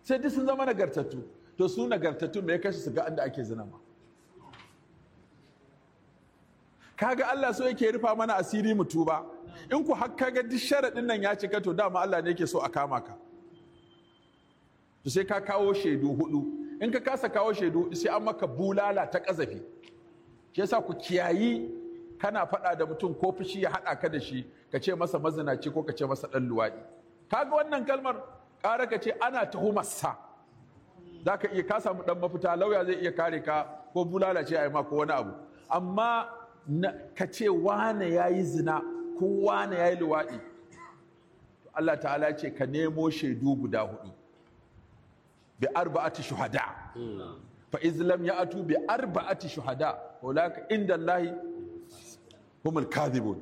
sai duk sun zama nagartattu to su nagartattu mai ya kashe su ga inda ake zina ma kaga Allah so yake rufa mana asiri mu tuba in ku har ga duk sharadin nan ya cika to dama Allah ne yake so a kama ka to sai ka kawo shaidu hudu in ka kasa kawo shaidu sai an maka bulala ta kazafi shi yasa ku kiyayi kana faɗa da mutum ko fushi ya haɗa ka da shi ka ce masa mazinaci ko ka ce masa ɗan luwaɗi kaga wannan kalmar ƙara ka ce ana tuhumarsa za ka iya ka samu ɗan mafita lauya zai iya kare ka ko bulala ce a yi ko wani abu amma ka ce wane ya yi zina ko wane ya yi luwaɗi Allah ta'ala ce ka nemo shaidu guda hudu bi arba'ati shuhada fa iz lam ya'tu bi arba'ati shuhada ulaka inda Allahi. humul kadhibun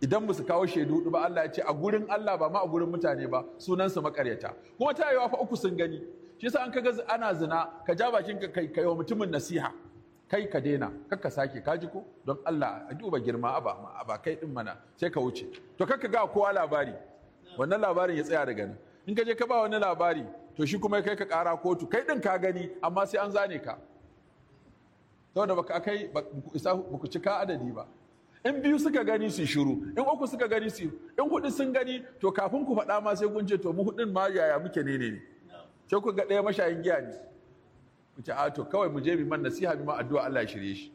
idan musu kawo shaidu hudu ba Allah ya ce a gurin Allah ba ma a gurin mutane ba sunan su makaryata kuma ta yawa fa uku sun gani shi yasa an kaga ana zina ka ja bakin ka kai kai wa mutumin nasiha kai ka daina kar ka sake ka ji ko don Allah a duba girma a ba kai din mana sai ka wuce to kar ka ga kowa labari wannan labarin ya tsaya daga nan in ka je ka ba wani labari to shi kuma kai ka kara kotu kai din ka gani amma sai an zane ka saboda baka kai baku cika adadi ba in biyu suka gani su shiru in uku suka gani su in hudu sun gani to kafin ku faɗa ma sai kun ce to mu hudun ma yaya muke ne ne sai ku ga ɗaya mashayin giya ne mu ce a to kawai mu je mu man nasiha mu ma addu'a Allah ya shirye shi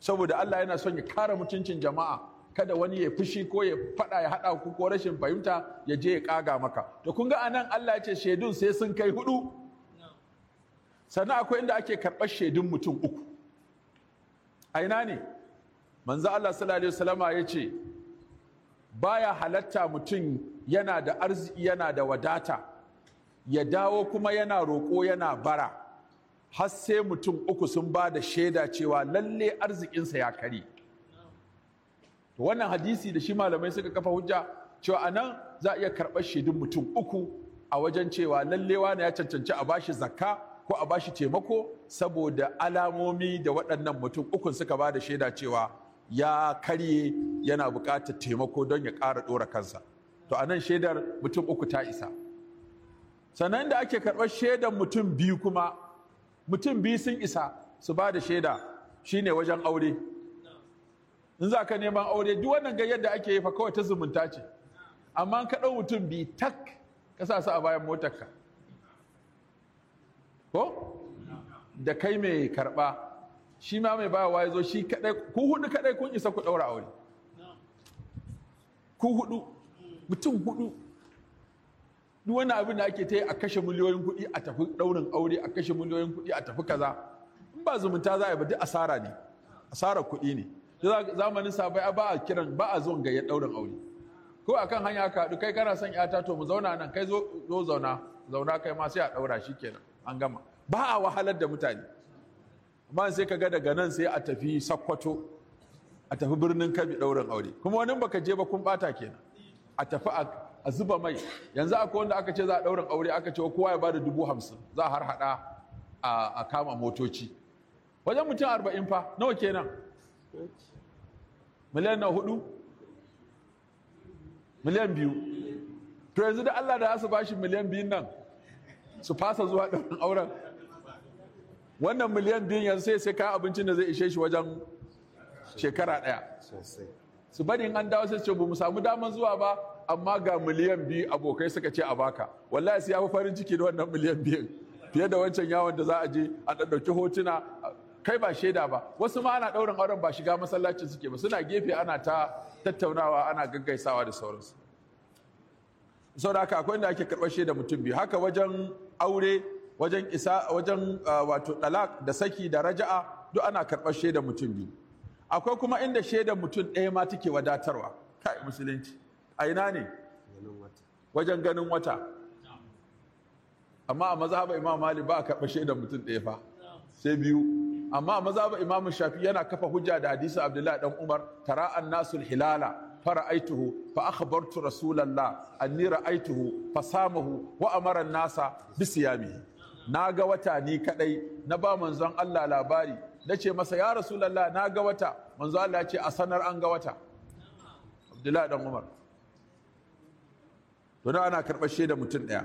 saboda Allah yana son ya kare mutuncin jama'a kada wani ya fushi ko ya faɗa ya haɗa ku ko rashin fahimta ya je ya kaga maka to kun ga anan Allah ya ce shaidun sai sun kai hudu sannan akwai inda ake karɓar shaidun mutum uku a ina ne manzo Allah sallallahu alaihi wasallama ya ce baya halatta mutum yana da arziki yana da wadata ya dawo kuma yana roƙo yana bara har sai mutum uku sun ba da shaida cewa lalle arzikinsa ya kare wannan hadisi da shi malamai suka kafa hujja cewa a nan za a iya karɓar shaidun mutum uku a wajen cewa lalle wani ya cancanci a bashi zakka ko a bashi taimako saboda alamomi da waɗannan mutum ukun suka ba da shaida cewa ya karye yana buƙatar taimako don ya ƙara ɗora kansa to a nan shaidar mutum uku ta isa sannan da ake karɓar shaidar mutum biyu kuma mutum biyu sun isa su ba da shaida shine wajen aure in za ka neman aure duk wannan ga yadda ake yi fa kawai ta zumunta ce amma ka ɗau mutum bi tak ka sa su a bayan motarka ko da kai mai karɓa shi ma mai bayar wa zo shi kaɗai ku hudu kaɗai kun isa ku ɗaura aure ku hudu mutum hudu duk wani abin da ake ta yi a kashe miliyoyin kuɗi a tafi ɗaurin aure a kashe miliyoyin kuɗi a tafi kaza in ba zumunta za a yi ba duk asara ne asarar kuɗi ne zamanin sabai ba a kiran ba a zuwan gayyar daurin aure ko a kan hanya ka haɗu kai kana son yata to mu zauna nan kai zo zauna zauna kai ma sai a daura kenan an gama ba a wahalar da mutane amma sai ka ga daga nan sai a tafi sakkwato a tafi birnin kabi daurin aure kuma wani baka je ba kun bata kenan a tafi a zuba mai yanzu akwai wanda aka ce za a daurin aure aka ce kowa ya ba da dubu hamsin za a har a kama motoci wajen mutum arba'in fa nawa kenan miliyan na hudu miliyan biyu to yanzu da allah da su bashi miliyan biyun nan su fasa zuwa ɗan auren wannan miliyan biyun yanzu sai sai kayan abincin da zai ishe shi wajen shekara ɗaya su bari in an dawo sai ce ba mu samu daman zuwa ba amma ga miliyan biyu abokai suka ce a baka wallahi sai ya fi farin ciki da wannan miliyan biyun fiye da wancan yawon da za a je a ɗaɗɗauki hotuna kai ba shaida ba wasu ma ana ɗaurin auren ba shiga masallacin suke ba suna gefe ana ta tattaunawa ana gaggaisawa da sauransu saboda haka akwai inda ake karɓar shaida mutum biyu haka wajen aure wajen isa wajen ah, wato dalak da saki da raja'a duk ana karɓar shaida mutum biyu akwai kuma inda shaidar mutum ɗaya ma take wadatarwa kai musulunci a ina ne wajen ganin wata amma a mazhabar imam malik ba a karɓar shaidar mutum ɗaya fa sai biyu amma a ba imam shafi yana kafa hujja da hadisin abdullahi dan umar tara annasul hilala fa فأخبرت رسول الله nasa رأيته فصامه وأمر الناس بصيامه ناغا kaɗai na ba نبا منزon Allah labari nace masa ya na naga wata manzon Allah ce a sanar an ga wata Abdullahi dan Umar to ana karbar da mutum ɗaya.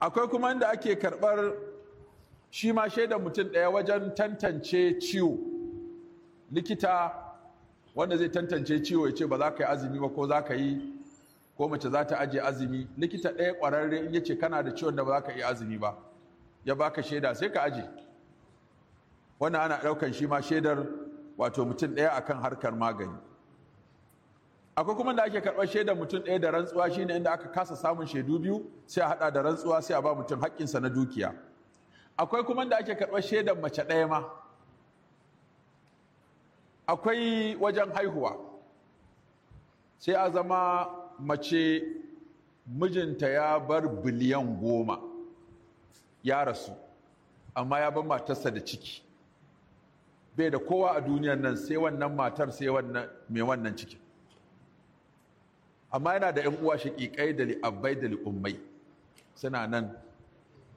akwai kuma inda ake karɓar. shi ma shaida mutum ɗaya wajen tantance ciwo likita wanda zai tantance ciwo ya ce ba za ka yi azumi ba ko za ka yi ko mace za ta ajiye azumi likita ɗaya ƙwararre in ya ce kana da ciwon da ba za ka yi azumi ba ya baka shaida sai ka aje wanda ana ɗaukan shi ma shaidar wato mutum ɗaya akan harkar magani akwai kuma da ake karɓar shaidar mutum ɗaya da rantsuwa shine inda aka kasa samun shaidu biyu sai a haɗa da rantsuwa sai a ba mutum haƙƙinsa na dukiya akwai kuma da ake karɓar shaidar mace ɗaya ma akwai wajen haihuwa sai a zama mace mijinta ya bar biliyan goma ya rasu amma ya bar matarsa da ciki bai da kowa a duniyar nan sai wannan matar sai mai wannan ciki amma yana da 'yan uwa ƙiƙai da li'abbai da li'ummai suna nan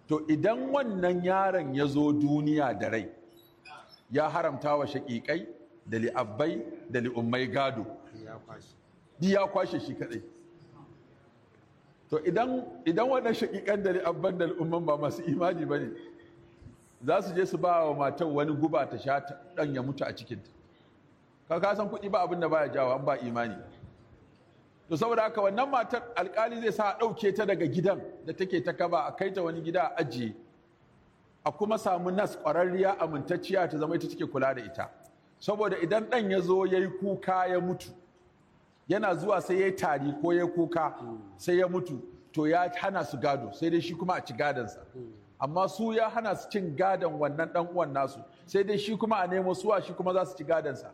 to idan wannan yaron ya zo duniya da rai ya haramta wa shaƙiƙai da li'abbai da li'ummai gado bi ya kwashe shi kadai to idan wannan shaƙiƙan da li'abban da li'umman ba masu imani ba ne za su je su ba wa matan wani guba ta sha ɗan ya mutu a cikinta ka san kuɗi ba abin da baya jawo an ba imani to saboda haka wannan matar alkali zai sa a ɗauke ta daga gidan da take ta kaba a kai ta wani gida a ajiye a kuma samu nas ƙwararriya amintacciya ta zama ita take kula da ita saboda idan ɗan ya zo ya yi kuka ya mutu yana zuwa sai ya yi tari ko ya kuka sai ya mutu to ya hana su gado sai dai shi kuma a ci gadonsa amma su ya hana su cin gadon wannan ɗan uwan nasu sai dai shi kuma a nemo suwa shi kuma za su ci gadonsa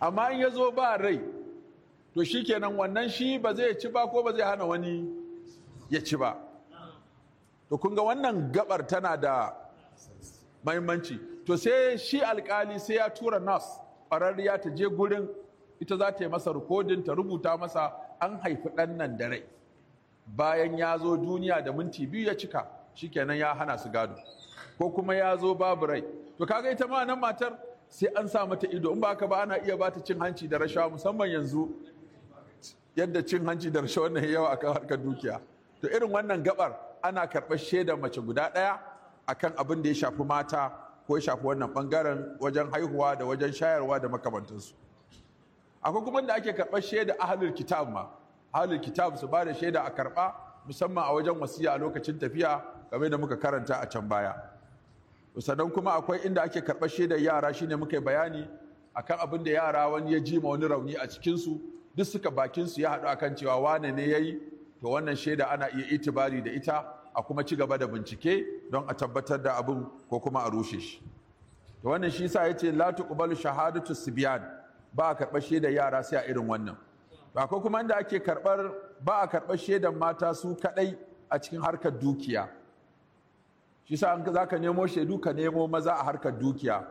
amma in ya zo ba rai to shi kenan wannan shi ba zai ci ba ko ba zai hana wani ya ci ba to kun ga wannan gabar tana da mahimmanci to sai shi alkali sai ya tura nas ƙwararriya ta je gurin ita za ta yi masa rikodin ta rubuta masa an haifi ɗan nan da rai bayan ya zo duniya da minti biyu ya cika shikenan ya hana su gado ko kuma ya zo babu rai to kaga ita ma nan matar sai an sa mata ido in ba ka ba ana iya ba cin hanci da rashawa musamman yanzu yadda cin hanci da rashawa wannan yawa akan harkar dukiya to irin wannan gabar ana karɓar shaidar mace guda ɗaya akan abin da ya shafi mata ko ya shafi wannan bangaren wajen haihuwa da wajen shayarwa da makamantansu akwai kuma da ake karɓar shaida ahlul kitab ma ahlul kitab su ba da shaida a karɓa musamman a wajen wasiya a lokacin tafiya game da muka karanta a can baya sannan kuma akwai inda ake karɓar shaidar yara shine muka yi bayani akan abin da yara wani ya ji ma wani rauni a cikinsu duk suka bakinsu ya haɗu akan cewa wane ne ya yi to wannan shaida ana iya itibari da ita a kuma ci gaba da bincike don a tabbatar da abin ko kuma a rushe shi to wannan shi sa yace la tuqbalu shahadatu sibyan ba a karɓar shaidar yara sai a irin wannan to akwai kuma inda ake karɓar ba a karɓar shaidar mata su kaɗai a cikin harkar dukiya shi sa an za ka nemo shaidu ka nemo maza a harkar dukiya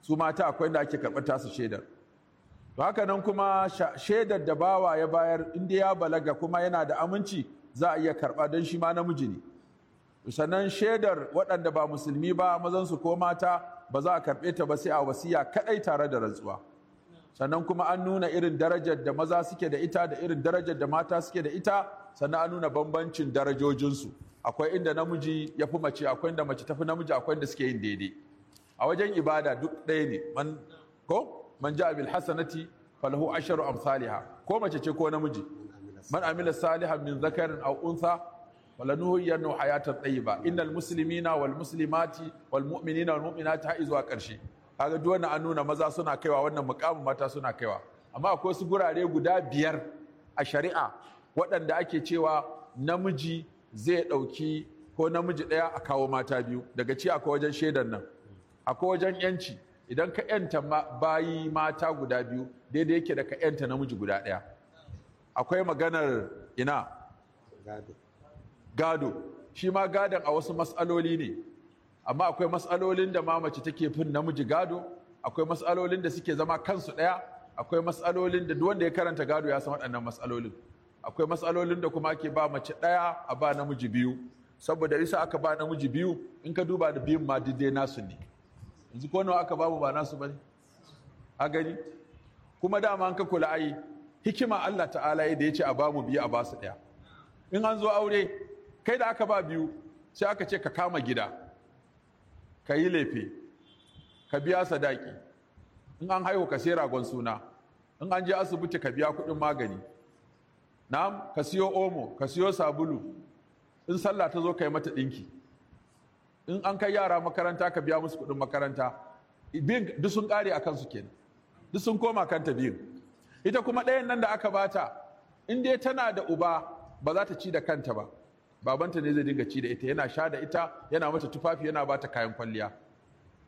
su mata akwai da ake karɓar tasu shaidar to haka nan kuma shaidar da bawa ya bayar inda ya balaga kuma yana da aminci za a iya karɓa don shi ma namiji ne sannan shaidar waɗanda ba musulmi ba mazan su ko mata ba za a karɓe ta ba sai a wasiya kaɗai tare da rantsuwa sannan kuma an nuna irin darajar da maza suke da ita da irin darajar da mata suke da ita sannan an nuna bambancin darajojinsu akwai inda namiji ya fi mace akwai inda mace ta fi namiji akwai inda suke yin daidai a wajen ibada duk ɗaya ne man ko man ja bil hasanati falahu asharu amsalha ko mace ce ko namiji man amila saliha min zakarin aw untha yanu hayatan tayyiba innal muslimina wal muslimati wal mu'minina wal mu'minati har zuwa ƙarshe kaga duk wannan an nuna maza suna kaiwa wannan mukamin mata suna kaiwa amma akwai su gurare guda biyar a shari'a waɗanda ake cewa namiji zai ɗauki ko namiji ɗaya a kawo mata biyu daga ci akwai wajen shaidar nan akwai wajen yanci idan ka yanta bayi mata guda biyu daidai yake da ka yanta namiji guda ɗaya akwai maganar ina gado shi ma gadon a wasu matsaloli ne amma akwai matsalolin da mamaci take fin namiji gado akwai matsalolin da suke zama kansu ɗaya akwai matsalolin da duk wanda ya karanta gado ya san waɗannan matsalolin akwai matsalolin da kuma ake ba mace ɗaya a ba namiji biyu saboda isa aka ba namiji biyu in ka duba da biyun ma daidai nasu ne yanzu ko nawa aka babu ba nasu ne a gani kuma dama an ka kula ayi. hikima Allah ta'ala ya da ya ce a bamu biyu a ba su ɗaya in an zo aure kai da aka ba biyu sai aka ce ka kama gida ka yi lefe ka biya sadaki in an haihu ka sai ragon suna in an je asibiti ka biya kuɗin magani na'am ka siyo omo ka siyo sabulu in sallah ta zo kai mata ɗinki. in an kai yara makaranta ka biya musu kuɗin makaranta bin duk sun ƙare akan su kenan duk sun koma kanta biyun ita kuma ɗayan nan da aka bata in dai tana da uba ba za ta ci da kanta ba babanta ne zai dinga ci da ita yana sha da ita yana mata tufafi yana bata kayan kwalliya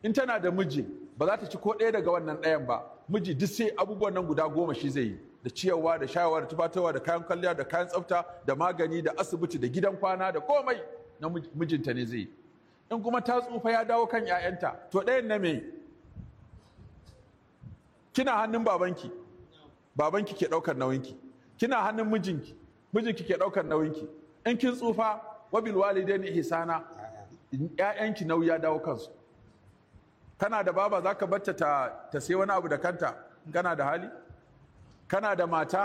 in tana da miji ba za ta ci ko ɗaya daga wannan ɗayan ba miji duk sai abubuwan nan guda goma shi zai yi da ciyarwa da shayarwa da tufatarwa da kayan kwalliya da kayan tsafta da magani da asibiti da gidan kwana da komai na mijinta ne zai in kuma ta tsufa ya dawo kan 'ya'yanta to ɗayan na me kina hannun babanki babanki ke ɗaukar nauyinki kina hannun mijinki mijinki ke ɗaukar nauyinki in kin tsufa wabil walidaini ihsana ƴaƴanki nauyi ya dawo kansu kana da baba zaka batta ta sai wani abu da kanta kana da hali kana da mata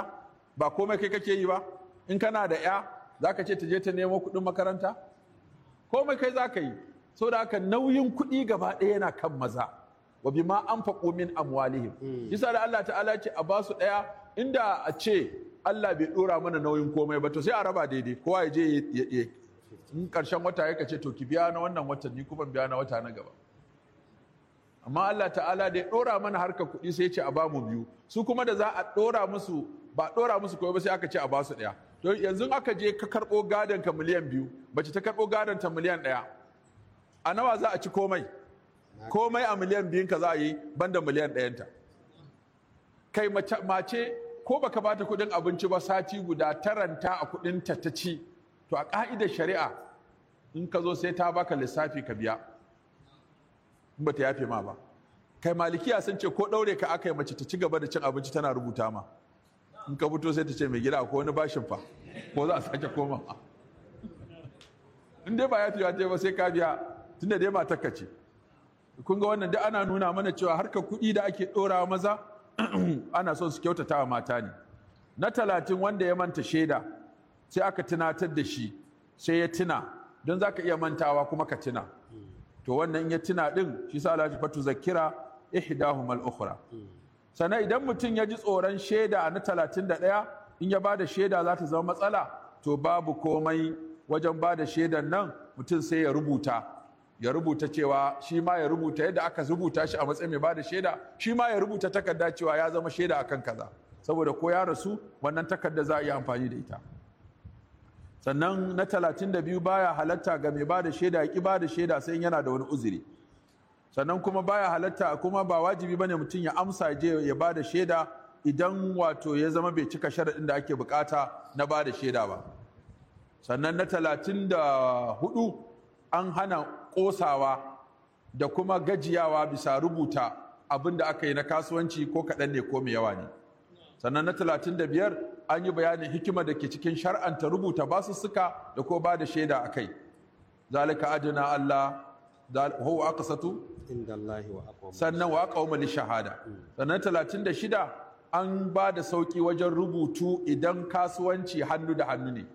ba komai kai kake yi ba in kana da ya za ka ce ta je ta nemo kuɗin makaranta komai kai za ka yi da haka nauyin kuɗi gaba ɗaya yana kan maza wa ma anfaqu min amwalihim yasa hmm. da Allah ta'ala ce a basu ɗaya inda a ce Allah bai ɗora mana nauyin komai ba to sai a raba daidai kowa ya je in karshen wata ya ce to ki biya na wannan watan ni kuma biya na wata na gaba amma Allah ta'ala da ya ɗora mana harka kuɗi sai ce a ba mu biyu su kuma da za a ɗora musu ba ɗora musu kawai ba sai aka ce a ba su ɗaya to yanzu aka je ka karɓo gadon ka miliyan biyu bace ta karɓo gadon ta miliyan ɗaya a nawa za a ci komai komai a miliyan biyun ka za a yi banda miliyan ɗayan ta kai mace ko baka bata kuɗin abinci ba sati guda taranta a kuɗin ta ta ci to a ƙa'idar shari'a in ka zo sai ta baka lissafi ka biya ba ta yafe ma ba kai malikiya sun ce ko daure ka aka yi mace ta ci gaba da cin abinci tana rubuta ma in ka fito sai ta ce mai gida ko wani bashin fa ko za a sake koma in dai ba ya ba sai ka biya tunda dai ba takka ce kun ga wannan duk ana nuna mana cewa harkar kuɗi da ake ɗora maza ana son su kyautata wa mata ne na talatin wanda ya manta shaida sai aka tunatar da shi sai ya tuna don za ka iya mantawa kuma ka tuna to wannan ya tuna din shi sa Allah fatu zakira ihdahum al-ukhra sana idan mutum ya ji tsoron shaida na 31 in ya bada shaida za ta zama matsala to babu komai wajen bada shaidan nan mutum sai ya rubuta ya rubuta cewa shi ma ya rubuta yadda aka rubuta shi a matsayin mai bada shaida shi ma ya rubuta takarda cewa ya zama shaida akan kaza saboda ko ya rasu wannan takarda za a yi amfani da ita sannan na talatin da biyu baya halatta ga mai ba shaida ya bada shaida sai yana da wani uzuri sannan kuma baya halatta kuma ba wajibi bane mutum ya amsa je ya bada shaida idan wato ya zama bai cika sharaɗin da ake bukata na bada shaida ba sannan na talatin da hudu an hana kosawa da kuma gajiyawa bisa rubuta abin da aka yi na kasuwanci ko kaɗan ne ko mai yawa ne sannan na talatin da biyar an yi bayanin hikima da ke cikin shar'anta rubuta basussuka da ko ba da shaida a kai zalika adana Allah huwa aqsatu inda Allah wa sannan wa aka li shahada sannan 36 an ba da sauki wajen rubutu idan kasuwanci hannu da hannu ne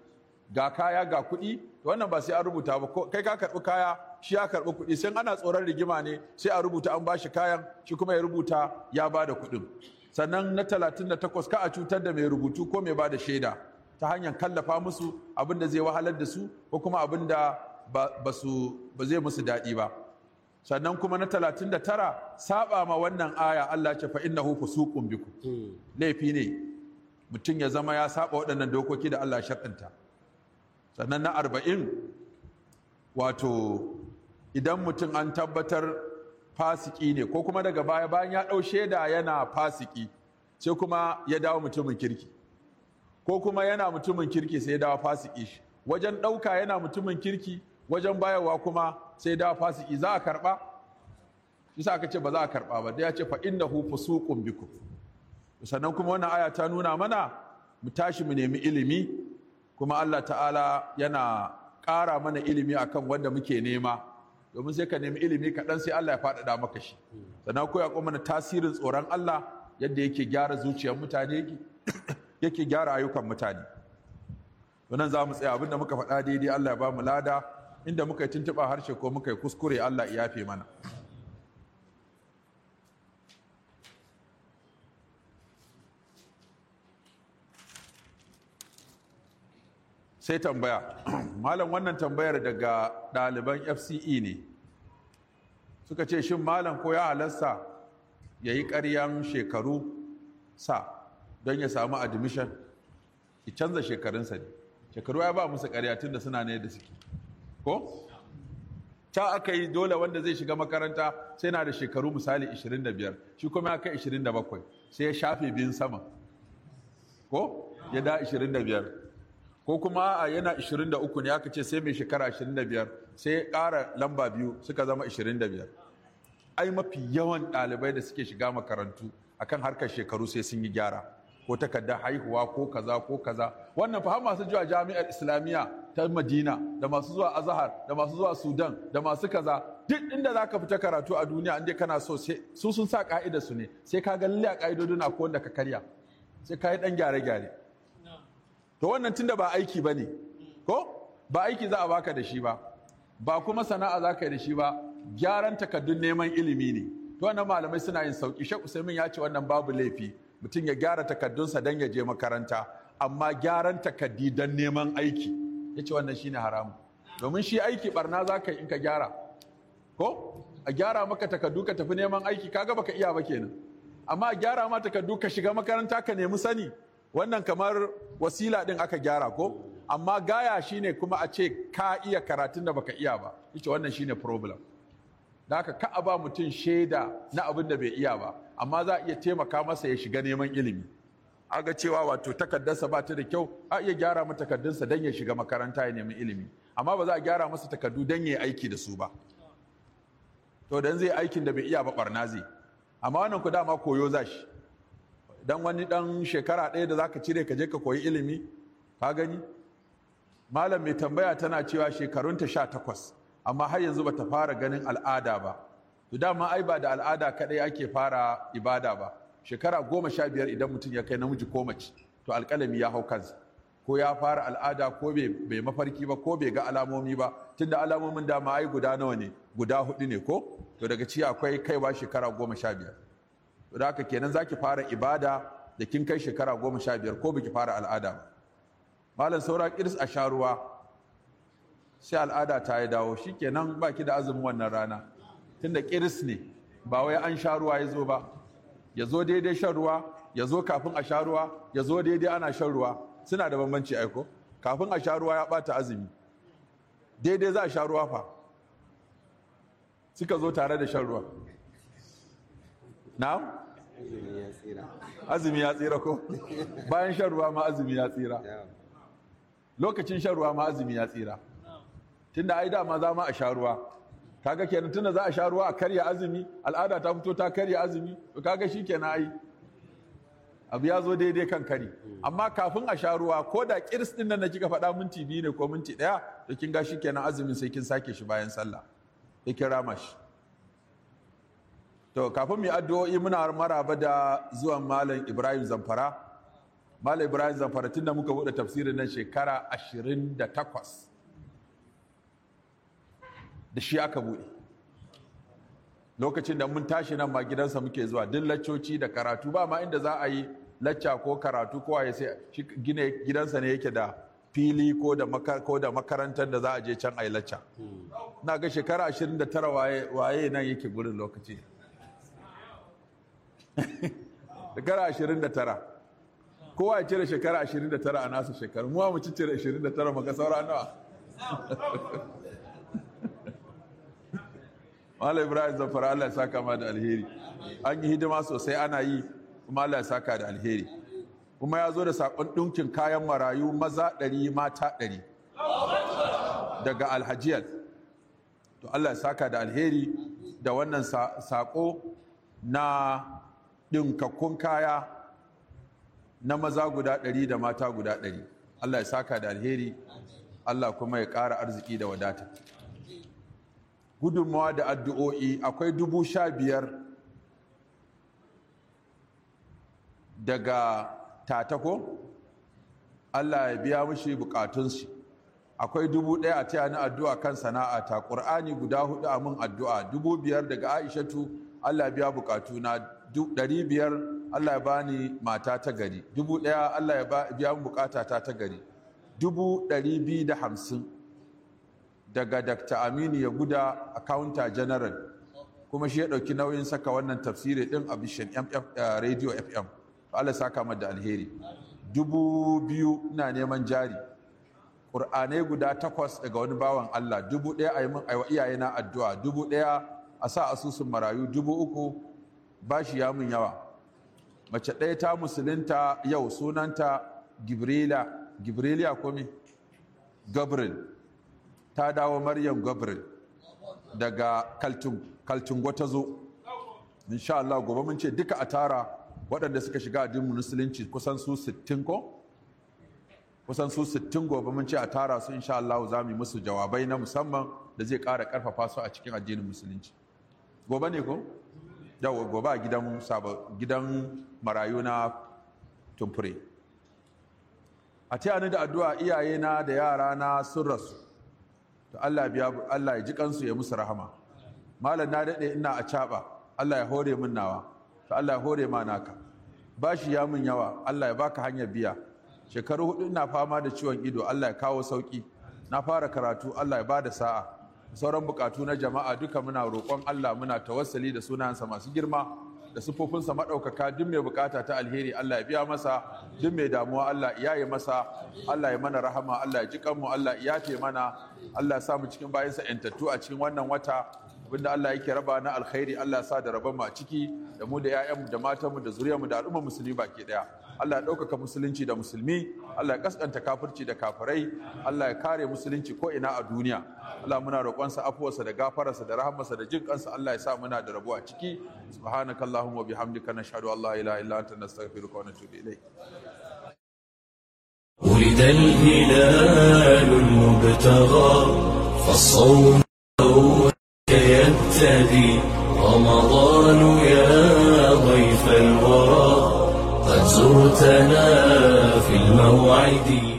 ga kaya ga kuɗi wannan ba sai an rubuta ba kai ka karɓi kaya shi ya karɓi kuɗi sai ana tsoron rigima ne sai a rubuta an ba shi kayan shi kuma ya rubuta ya ba da kuɗin sannan na 38 ka a cutar da mai rubutu ko mai ba da shaida ta hanyar kallafa musu abin da zai wahalar da su ko kuma abin da ba zai musu daɗi ba sannan kuma na 39 saba ma wannan aya Allah ce fa hu fusuqun biku hmm. laifi ne mutum ya zama ya saba waɗannan dokoki da Allah shaɗanta sannan na 40 wato idan mutum an tabbatar fasiki ne ko kuma daga baya bayan ya ɗau shaida yana fasiki sai kuma ya dawo mutumin kirki ko kuma yana mutumin kirki sai ya dawo fasiki shi wajen ɗauka yana mutumin kirki wajen bayarwa kuma sai ya dawo fasiki za a karɓa shi aka ce ba za a karɓa ba da ya ce fa innahu fusuqun bikum sannan kuma wannan aya ta nuna mana mu tashi mu nemi ilimi kuma Allah ta'ala yana ƙara mana ilimi akan wanda muke nema domin sai ka nemi ilimi kaɗan sai Allah ya faɗaɗa maka shi sannan koya kuma na tasirin tsoron Allah yadda yake gyara zuciyar mutane yake gyara ayyukan mutane nan za mu tsaya abinda muka faɗa daidai Allah ya ba mu lada inda muka yi tuntuɓa harshe ko muka yi kuskure Allah ya yafe mana sai tambaya malam wannan tambayar daga ɗaliban fce ne suka ce shin malam ko ya halasta ya yi ƙaryan shekaru sa don ya samu admission ya canza shekarunsa ne shekaru ya ba musu ƙarya da suna ne da suke ko ta aka yi dole wanda zai shiga makaranta sai na da shekaru misali 25 shi kuma ya kai 27 sai ya shafe biyun sama ko ya da 25 ko kuma a yana 23 ne aka ce sai mai shekara 25 sai ya ƙara lamba biyu suka zama 25 ai mafi yawan ɗalibai da suke shiga makarantu akan harkar shekaru sai sun yi gyara ko takardar haihuwa ko kaza ko kaza wannan fa masu zuwa jami'ar islamiyya ta madina da masu zuwa azahar da masu zuwa sudan da masu kaza duk inda za ka fita karatu a duniya inda kana so su sun sa ka'ida su ne sai ka ga lalle a ka'idodin akwai wanda ka karya sai ka yi dan gyare-gyare to wannan tunda ba aiki ba ne ko ba aiki za a baka da shi ba ba kuma sana'a za ka yi da shi ba gyaran takaddun neman ilimi ne to wannan malamai suna yin sauki sai min ya ce wannan babu laifi mutum ya gyara takaddunsa don ya je makaranta amma gyaran takaddi don neman aiki ya ce wannan shine haramu domin shi aiki barna za ka yi in ka gyara ko a gyara maka takaddu ka tafi neman aiki kaga baka iya ba kenan amma a gyara ma takaddu ka shiga makaranta ka nemi sani wannan kamar wasila din aka gyara ko amma gaya shine kuma a ce ka iya karatun da baka iya ba ita wannan shine problem da haka ka ba mutum shaida na abin da bai iya ba amma za a iya taimaka masa ya shiga neman ilimi aga cewa wato takardarsa ba ta da kyau a iya gyara mata takardunsa don ya shiga makaranta ya nemi ilimi amma ba za a gyara masa takardu don ya yi aiki da su ba to dan zai aikin da bai iya ba barna zai amma wannan ku dama koyo za shi dan wani dan shekara ɗaya da zaka cire ka je ka koyi ilimi ka gani malam mai tambaya tana cewa shekarun ta sha takwas amma har yanzu bata fara ganin al'ada ba to dama ai ba da al'ada kaɗai ake fara ibada ba shekara goma sha biyar idan mutum ya kai namiji ko mace to alƙalami ya hau kansa ko ya fara al'ada ko bai mafarki ba ko bai ga alamomi ba tunda alamomin dama ai guda nawa ne guda hudu ne ko to daga ci akwai kaiwa shekara goma sha biyar da haka kenan ki fara ibada da kin kai shekara goma sha biyar ko biki fara al'ada ba malam saura kirs a sha ruwa sai al'ada ta yi dawo shi ba ki da azumin wannan rana tunda kiris ne ba wai an sha ruwa ya zo ba ya zo daidai shan ruwa ya zo kafin a sha ruwa ya zo daidai ana shan ruwa suna da bambanci aiko kafin a sha ruwa ya bata azumi daidai za a sha ruwa fa suka zo tare da shan ruwa na'am azumi ya tsira ko bayan shan ruwa ma azumi ya tsira lokacin shan ruwa ma azumi ya tsira tunda ai dama za ma a sha ruwa kaga kenan tunda za a sha ruwa a karya azumi al'ada ta fito ta karya azumi to kaga shikenan ai abu ya zo daidai kan kari amma kafin a sha ruwa ko da kirs din nan da kika faɗa minti biyu ne ko minti ɗaya to kin ga shi shikenan azumin sai kin sake shi bayan sallah sai kin rama shi to kafin mu addu'o'i muna maraba da zuwan malam Ibrahim Zamfara malam Ibrahim Zamfara tunda muka buɗe tafsirin nan shekara 28 da shi aka bude lokacin da mun tashi nan ma gidansa muke zuwa duk laccoci da karatu ba ma inda za a yi lacca ko karatu ko ya sai gidansa ne yake da fili ko da ko da makarantar da za a je can a yi lacca hmm. na ga shekara 29 waye waye nan yake gurin lokaci shekara 29 kowa ya cire shekara 29 a nasu shekaru muwa mu cire 29 maka saura nawa Malam Ibrahim Zafar Allah ya saka ma da alheri an yi hidima sosai ana yi kuma Allah ya saka da alheri kuma ya zo da sakon ɗinkin kayan marayu maza dari mata dari daga alhajiyar to Allah ya saka da alheri da wannan sako na ɗinkakkun kaya na maza guda ɗari da mata guda ɗari Allah ya saka da alheri Allah kuma ya ƙara arziki da wadata gudunmawa da addu'o'i akwai dubu sha biyar daga tatako Allah ya biya mushi bukatunsu akwai dubu ɗaya a taya na addu'a kan sana'a ta ƙur'ani guda hudu a mun addu'a dubu biyar daga aishatu Allah biya na. ɗari biyar Allah ya bani mata ta gari dubu ɗaya Allah ya biya mu bukata ta ta gari dubu ɗari biyu da hamsin daga Dr. Aminu ya guda accountant general kuma shi ya ɗauki nauyin saka wannan tafsiri ɗin a bishin eh, radio FM Allah saka da alheri dubu biyu ina neman jari ƙur'anai guda takwas daga wani bawan Allah dubu ɗaya a yi min iyaye addu'a dubu ɗaya a sa asusun marayu dubu uku bashi ya mun yawa mace ɗaya ta musulunta yau sunanta gibrila gibrila kome gabriel ta dawo maryam gabriel daga kaltungo ta zo insha Allah gobe mun ce duka a tara waɗanda suka shiga addinin musulunci kusan su 60 ko kusan su 60 gobe mun ce a tara su insha Allah za mu yi musu jawabai na musamman da zai ƙara ƙarfafa su a cikin addinin musulunci gobe ne ko yawa gobe a gidan gidan marayu na tumfure a ce ni da addu'a iyaye na da yara na sun rasu to Allah biya Allah ya ji kansu ya musu rahama malam na dade ina a caba Allah ya hore min nawa to Allah ya hore ma naka bashi ya mun yawa Allah ya baka hanyar biya shekaru hudu ina fama da ciwon ido Allah ya kawo sauki na fara karatu Allah ya bada sa'a sauran bukatu na jama'a duka muna roƙon Allah muna tawassali da sunansa masu girma da sufofinsa maɗaukaka duk mai bukata ta alheri Allah ya biya masa duk mai damuwa Allah ya yi masa Allah ya mana rahama Allah ya ji kanmu Allah ya yafe mana Allah ya samu cikin bayansa yantattu a cikin wannan wata abinda Allah yake raba na alkhairi Allah ya sa da rabon mu a ciki da mu da 'ya'yanmu da matanmu da zuriyarmu da al'ummar musulmi baki ɗaya. Allah ya ɗaukaka musulunci da musulmi Allah ya ƙasƙanta kafirci da kafirai Allah ya kare musulunci ko ina a duniya Allah muna roƙonsa afuwarsa da gafararsa da rahamarsa da jin kansa Allah ya sa muna da rabuwa ciki. Subhanaka Allahumma wa bihamdika nashhadu an la ilaha illa anta nastaghfiruka wa natubu ilayk ولد الهلال المبتغى فالصوم يبتدي رمضان يا ضيف الوفا زرتنا في الموعد